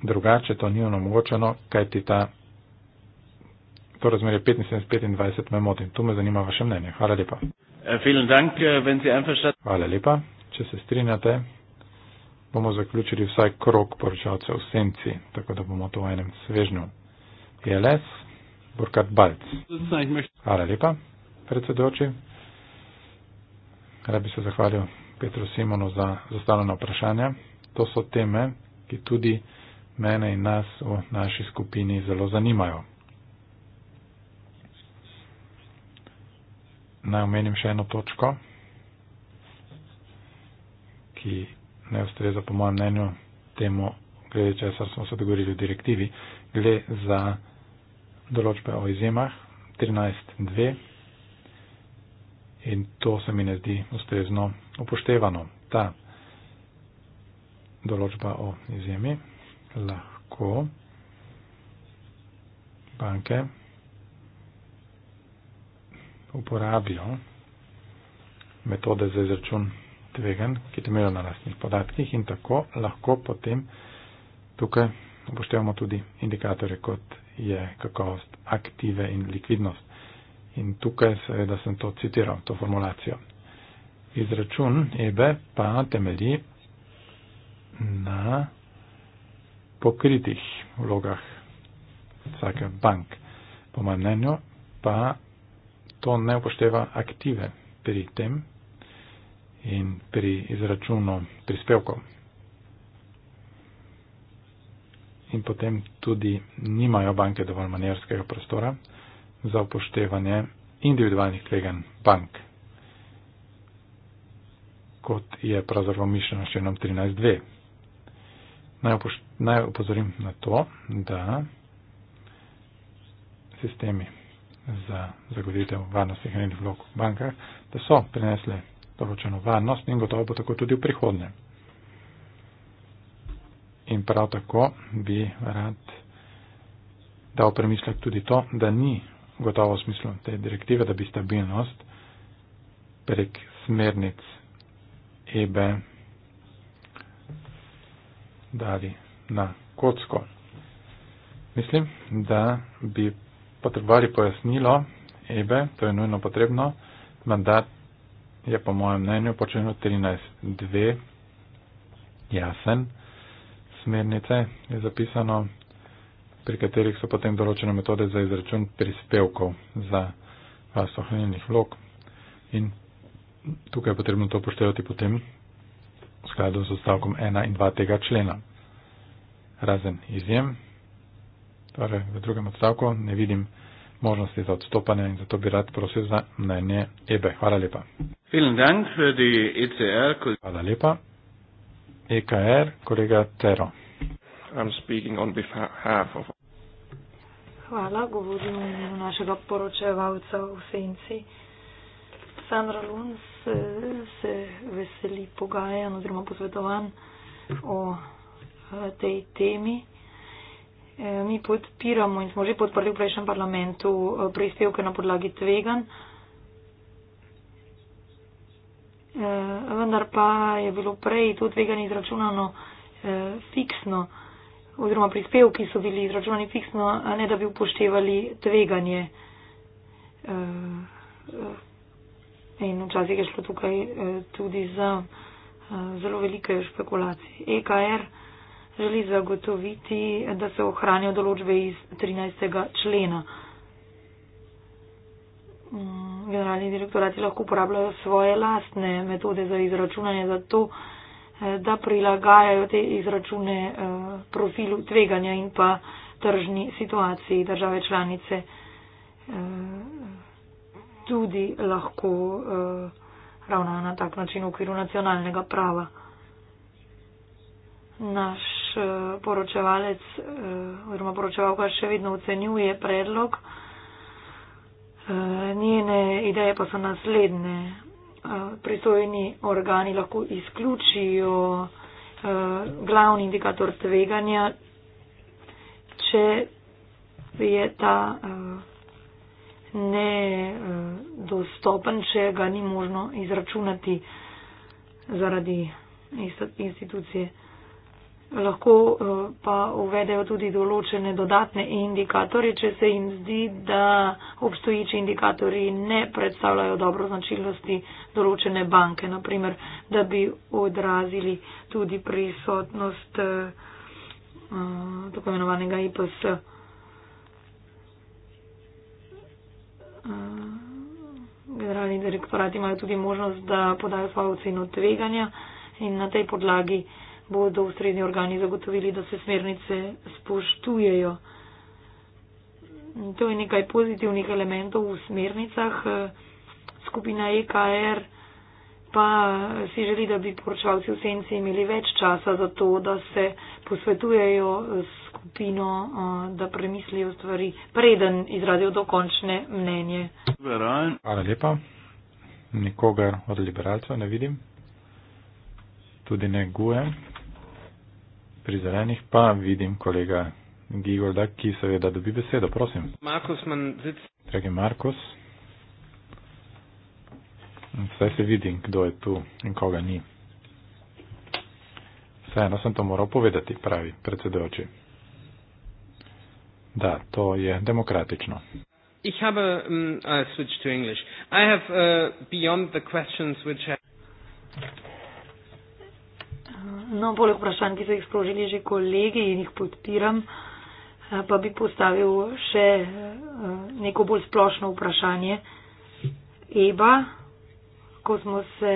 drugače to ni onomogočeno, kaj ti ta, to razmerje 75-25 me motim. Tu me zanima vaše mnenje. Hvala lepa. Eh, eh, Hvala lepa. Če se strinjate, bomo zaključili vsaj krok poročalcev v senci, tako da bomo to v enem svežnju. PLS, e Burkhard Balc. Hvala lepa predsedoči. Rad bi se zahvalil Petru Simonu za zastavljeno vprašanje. To so teme, ki tudi mene in nas v naši skupini zelo zanimajo. Naj omenim še eno točko, ki ne ustreza po mojem mnenju temu, glede česa smo se dogovorili v direktivi, glede za določbe o izjemah 13.2 in to se mi ne zdi ustrezno upoštevano. Ta določba o izjemi lahko banke uporabijo metode za izračun tvegan, ki temeljo na lastnih podatkih in tako lahko potem tukaj upoštevamo tudi indikatorje, kot je kakovost aktive in likvidnost. In tukaj seveda sem to citiral, to formulacijo. Izračun EBE pa temelji na pokritih vlogah vsake bank. Po mojem mnenju pa to ne upošteva aktive pri tem in pri izračunu prispevkov. In potem tudi nimajo banke dovolj manjerskega prostora, za upoštevanje individualnih tveganj bank, kot je pravzaprav mišljeno s členom 13.2. Naj upozorim na to, da sistemi za zagoditev varnosti hranilnih vlog v bankah, da so prinesle določeno varnost in gotovo bo tako tudi v prihodnje. In prav tako bi rad dal premislek tudi to, da ni gotovo v smislu te direktive, da bi stabilnost prek smernic EBE dali na kocko. Mislim, da bi potrebovali pojasnilo EBE, to je nujno potrebno, mandat je po mojem mnenju počenjeno 13.2 jasen, smernice je zapisano pri katerih so potem določene metode za izračun prispevkov za vas ohranjenih vlog. In tukaj je potrebno to upoštevati potem v skladu z odstavkom 1 in 2 tega člena. Razen izjem, torej v drugem odstavku ne vidim možnosti za odstopanje in zato bi rad prosil za mnenje EBE. Hvala lepa. E Hvala lepa. EKR, kolega Tero. I'm speaking on behalf of. Hvala, govorim našega poročevalca v senci. Sandra Luns se veseli pogajanj oziroma posvetovanj o tej temi. E, mi podpiramo in smo že podprli v prejšnjem parlamentu e, prispevke na podlagi tvegan. E, vendar pa je bilo prej to tveganje izračunano fiksno oziroma prispevki so bili izračunani fiksno, a ne da bi upoštevali tveganje. Eh, eh, in včasih je šlo tukaj eh, tudi za zelo velike špekulacije. EKR er želi zagotoviti, da se ohranijo določbe iz 13. člena. Mm, generalni direktorati lahko uporabljajo svoje lastne metode za izračunanje, zato Eh, da prilagajajo te izračune eh, profilu tveganja in pa tržni situaciji države članice eh, tudi lahko ravnajo na tak način v okviru nacionalnega prava. Naš poročevalec oziroma poročevalka še vedno ocenjuje predlog. Njene ideje pa so naslednje. Eh, pristojni organi lahko izključijo eh, glavni indikator tveganja, če je ta eh, nedostopen, če ga ni možno izračunati zaradi institucije lahko eh, pa uvedejo tudi določene dodatne indikatorje, če se jim zdi, da obstoječi indikatorji ne predstavljajo dobro značilnosti določene banke, naprimer, da bi odrazili tudi prisotnost eh, eh, tako imenovanega IPS. Generalni direktorati imajo tudi možnost, da podajo svojo oceno tveganja in na tej podlagi bodo ustrezni organi zagotovili, da se smernice spoštujejo. To je nekaj pozitivnih elementov v smernicah. Skupina EKR pa si želi, da bi poročevalci v senci imeli več časa za to, da se posvetujejo skupino, da premislijo stvari, preden izradijo dokončne mnenje. Hvala lepa. Nikogar od liberalcev ne vidim. Tudi ne gujem. Pri zelenih pa vidim kolega Gigolda, ki seveda dobi besedo. Prosim. Markus, man zic. Dragi Markus. Vse se vidi, kdo je tu in koga ni. Vseeno sem to moral povedati, pravi predsedujoči. Da, to je demokratično. Ich habe, um, I switch to English. I have uh, beyond the questions which have... No, poleg vprašanj, ki so jih sprožili že kolegi in jih podpiram, eh, pa bi postavil še eh, neko bolj splošno vprašanje. Eba, ko smo se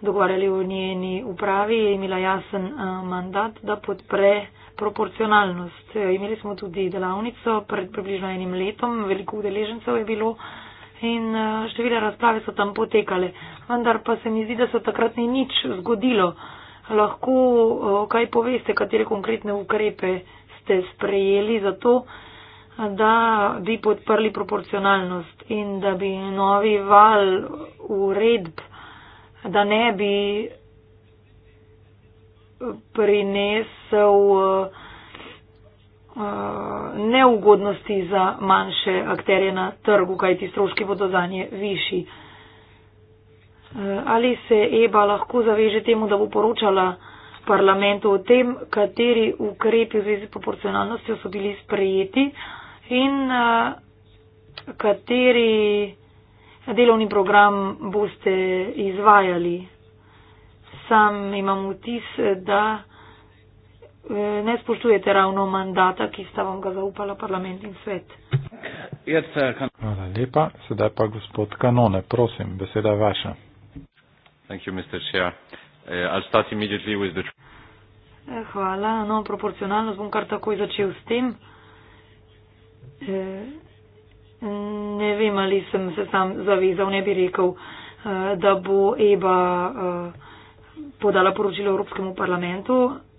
dogovarjali o njeni upravi, je imela jasen eh, mandat, da podpre proporcionalnost. Imeli smo tudi delavnico pred približno enim letom, veliko udeležencev je bilo. In številne razprave so tam potekale, vendar pa se mi zdi, da se takrat ni nič zgodilo. Uh, lahko eh, kaj poveste, katere konkretne ukrepe ste sprejeli za to, da bi podprli proporcionalnost in da bi novi val uredb, da ne bi prinesel eh, neugodnosti za manjše akterje na trgu, kajti stroški bodo za nje višji. Eh, ali se EBA lahko zaveže temu, da bo poročala parlamentu o tem, kateri ukrepi v zvezi s proporcionalnostjo so bili sprejeti in eh, kateri delovni program boste izvajali. Sam imam vtis, da eh, ne spoštujete ravno mandata, ki sta vam ga zaupala parlament in svet. Hvala lepa. Sedaj pa gospod Kanone, prosim, beseda je vaša. Thank you, Mr. Chair. Eh, I'll start immediately with the. Eh, hvala. No, proporcionalno bom kar takoj začel s tem. Eh, ne vem, ali sem se sam zavezal, ne bi rekel, da bo EBA podala poročilo Evropskemu parlamentu.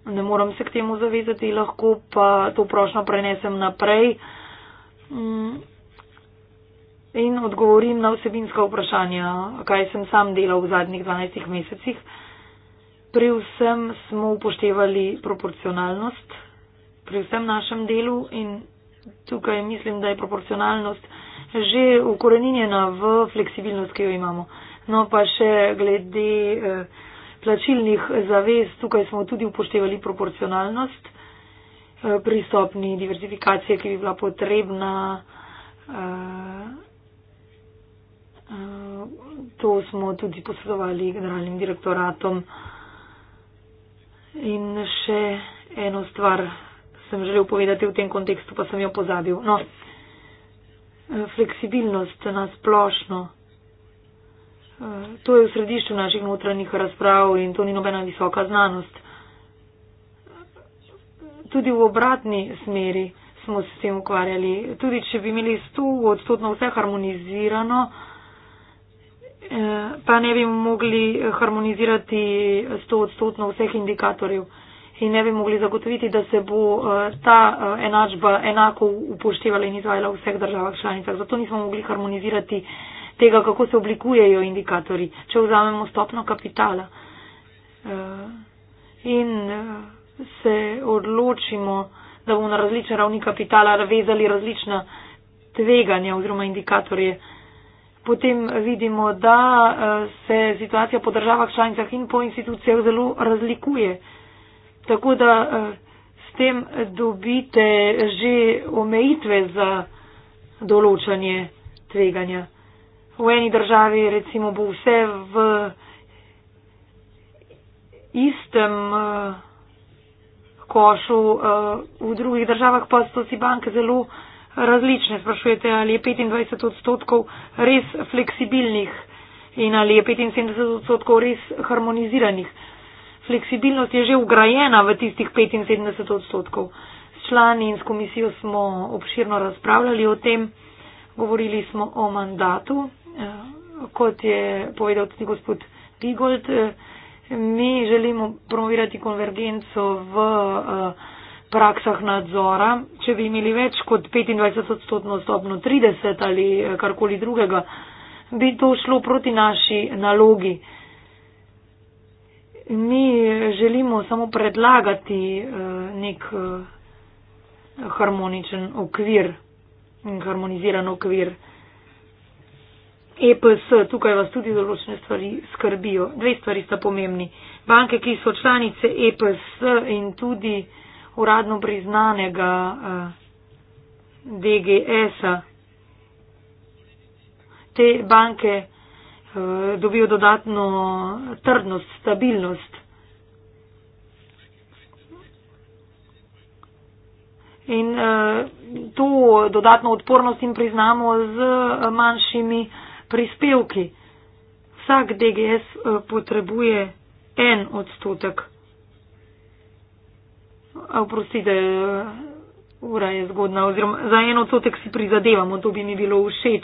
Ne moram se k temu zavezati, lahko pa to prošnjo prenesem naprej. Mm, in odgovorim na vsebinska vprašanja, kaj sem sam delal v zadnjih 12 mesecih. Pri vsem smo upoštevali proporcionalnost, pri vsem našem delu in tukaj mislim, da je proporcionalnost že ukoreninjena v fleksibilnost, ki jo imamo. No pa še glede eh, plačilnih zavez, tukaj smo tudi upoštevali proporcionalnost eh, pristopni diversifikacije, ki bi bila potrebna. Eh, Eh, to smo tudi posredovali generalnim direktoratom. In še eno stvar sem želel povedati v tem kontekstu, pa sem jo pozabil. No, eh, fleksibilnost na splošno. Eh, to je v središču naših notranjih razprav in to ni nobena visoka znanost. Tudi v obratni smeri smo se s tem ukvarjali. Tudi če bi imeli 100 odstotno vse harmonizirano, pa ne bi mogli harmonizirati 100 odstotno vseh indikatorjev in ne bi mogli zagotoviti, da se bo eh, ta eh, enačba enako upoštevala in izvajala v vseh državah članicah. Zato nismo mogli harmonizirati tega, kako se oblikujejo indikatori, če vzamemo stopno kapitala eh, in se odločimo, da bomo na različne ravni kapitala vezali različna tveganja oziroma indikatorje potem vidimo, da eh, se situacija po državah članicah in po institucijah zelo razlikuje. Tako da eh, s tem dobite že omejitve za določanje tveganja. V eni državi recimo bo vse v istem eh, košu, v drugih državah pa so si banke zelo različne, sprašujete, ali je 25 odstotkov res fleksibilnih in ali je 75 odstotkov res harmoniziranih. Fleksibilnost je že ugrajena v tistih 75 odstotkov. S člani in s komisijo smo obširno razpravljali o tem, govorili smo o mandatu, eh, kot je povedal tudi gospod Pigold. Eh, mi želimo promovirati konvergenco v uh, praksah nadzora, če bi imeli več kot 25 odstotno stopno 30 ali karkoli drugega, bi to šlo proti naši nalogi. Mi želimo samo predlagati eh, nek eh, harmoničen okvir, harmoniziran okvir. EPS, tukaj vas tudi določene stvari skrbijo. Dve stvari sta pomembni. Banke, ki so članice EPS in tudi uh, uradno priznanega eh, DGS-a. Te banke eh, dobijo dodatno trdnost, stabilnost. In uh, to dodatno odpornost jim priznamo z manjšimi prispevki. Vsak DGS uh, potrebuje en odstotek oprostite, uh, ura je zgodna, oziroma za en odstotek si prizadevamo, to bi mi bilo všeč.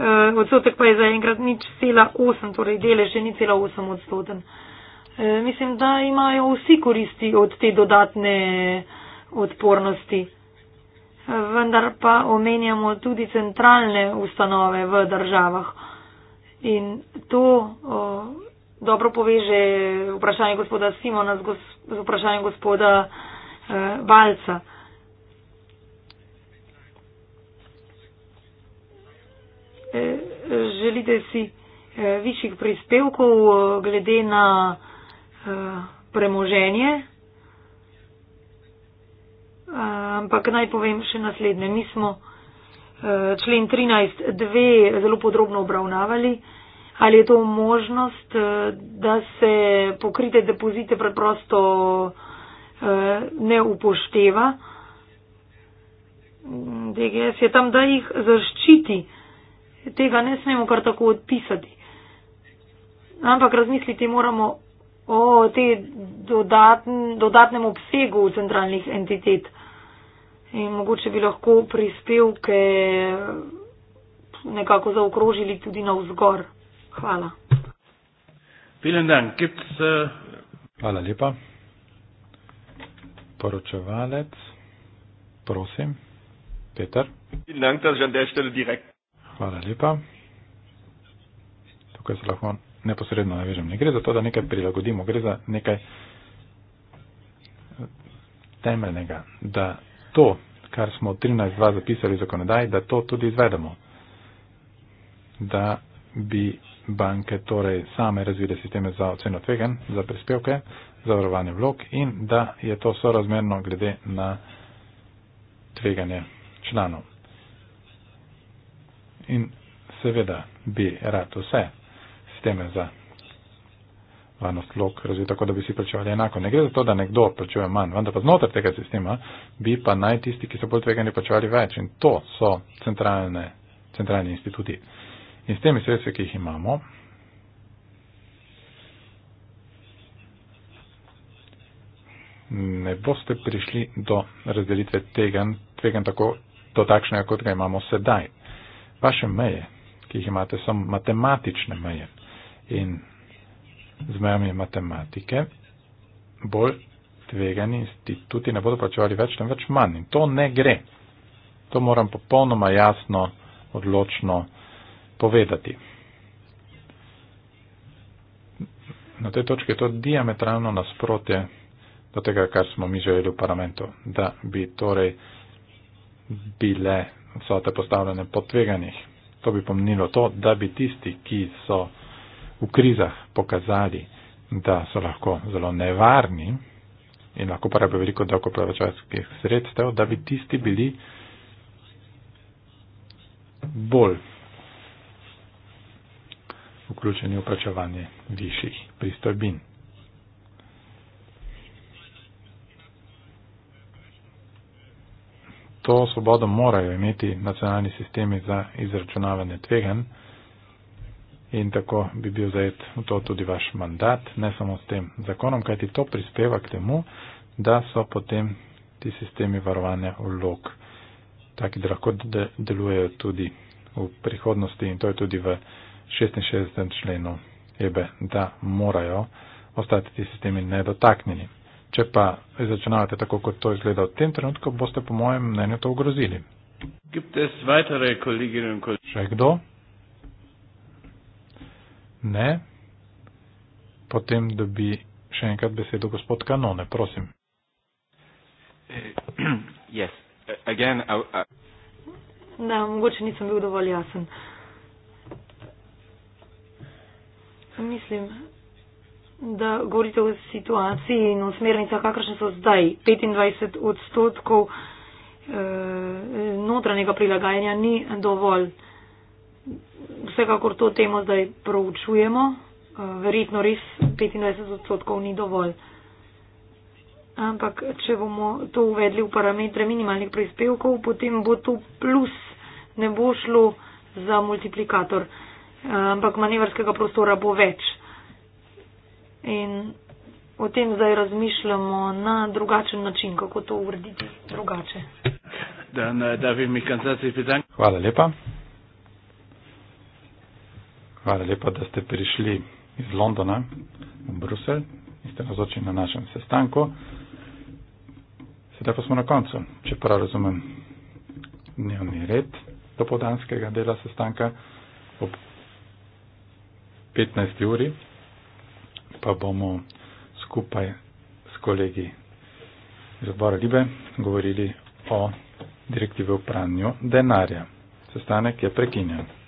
Uh, odstotek pa je zaenkrat nič cela osem, torej dele še ni cela osem odstoten. Uh, mislim, da imajo vsi koristi od te dodatne odpornosti. Vendar pa omenjamo tudi centralne ustanove v državah. In to uh, dobro poveže vprašanje gospoda Simona z, gos, z vprašanjem gospoda eh, Balca. Eh, želite si eh, višjih prispevkov eh, glede na eh, premoženje? Eh, ampak naj povem še naslednje. Mi smo eh, člen 13.2 zelo podrobno obravnavali ali je to možnost, eh, da se pokrite depozite preprosto eh, ne upošteva. DGS je tam, da jih zaščiti. Tega ne smemo kar tako odpisati. Ampak razmisliti moramo o tem dodatn, dodatnem obsegu centralnih entitet. In mogoče bi lahko prispevke nekako zaokrožili tudi na vzgor. Hvala. Vielen Dank. Gibt's, uh... Hvala lepa. Poročevalec, prosim, Peter. Dank, Hvala lepa. Tukaj se lahko neposredno navežem. Ne gre za to, da nekaj prilagodimo, gre za nekaj eh, temeljnega, da to, kar smo 13.2 zapisali v zakonodaji, da to tudi izvedemo. Da bi banke torej same razvide sisteme za oceno tvegan, za prispevke, za varovanje vlog in da je to sorazmerno glede na tveganje članov. In seveda bi rad vse sisteme za varnost vlog razvil tako, da bi si plačevali enako. Ne gre za to, da nekdo plačuje manj, vendar pa znotraj tega sistema bi pa naj tisti, ki so bolj tvegani, plačevali več. In to so centralne, centralni instituti. In s temi sredstvi, ki jih imamo, ne boste prišli do razdelitve tega, tvegan tako, do takšnega, kot ga imamo sedaj. Vaše meje, ki jih imate, so matematične meje. In z mejami matematike bolj tvegani instituti ne bodo plačevali več, temveč manj. In to ne gre. To moram popolnoma jasno, odločno povedati. Na tej točki je to diametralno nasprotje do tega, kar smo mi želeli v parlamentu, da bi torej bile vsote postavljene pod tveganjih. To bi pomnilo to, da bi tisti, ki so v krizah pokazali, da so lahko zelo nevarni in lahko porabijo veliko davkoplačevalskih sredstev, da bi tisti bili bolj vključeni v plačevanje višjih pristojbin. To svobodo morajo imeti nacionalni sistemi za izračunavanje tvegan in tako bi bil zajet v to tudi vaš mandat, ne samo s tem zakonom, kajti to prispeva k temu, da so potem ti sistemi varovanja vlog, taki da lahko de delujejo tudi v prihodnosti in to je tudi v 66. členu EBE, da morajo ostati ti sistemi nedotaknjeni. Če pa izračunavate tako, kot to izgleda v tem trenutku, boste po mojem mnenju to ogrozili. Še kdo? Ne. Potem dobi še enkrat besedo gospod Kanone, prosim. Uh, yes. Again, I, I... Da, mogoče nisem bil dovolj jasen. Uh, Mislim, da govorite o situaciji in o smernicah, kakršne so zdaj. 25 odstotkov eh, notranjega prilagajanja ni dovolj. Vsekakor to temo zdaj proučujemo, eh, verjetno res 25 odstotkov ni dovolj. Ampak, če bomo to uvedli v parametre minimalnih prispevkov, potem bo to plus, ne bo šlo za multiplikator ampak manevrskega prostora bo več. In o tem zdaj razmišljamo na drugačen način, kako to urediti drugače. Dan, da bi mi Hvala lepa. Hvala lepa, da ste prišli iz Londona v Bruselj in ste razočeni na našem sestanku. Sedaj pa smo na koncu, če prav razumem dnevni red dopoldanskega dela sestanka. Ob 15. uri, pa bomo skupaj s kolegi iz odbora Libe govorili o direktive upranju denarja. Sestanek je prekinjen.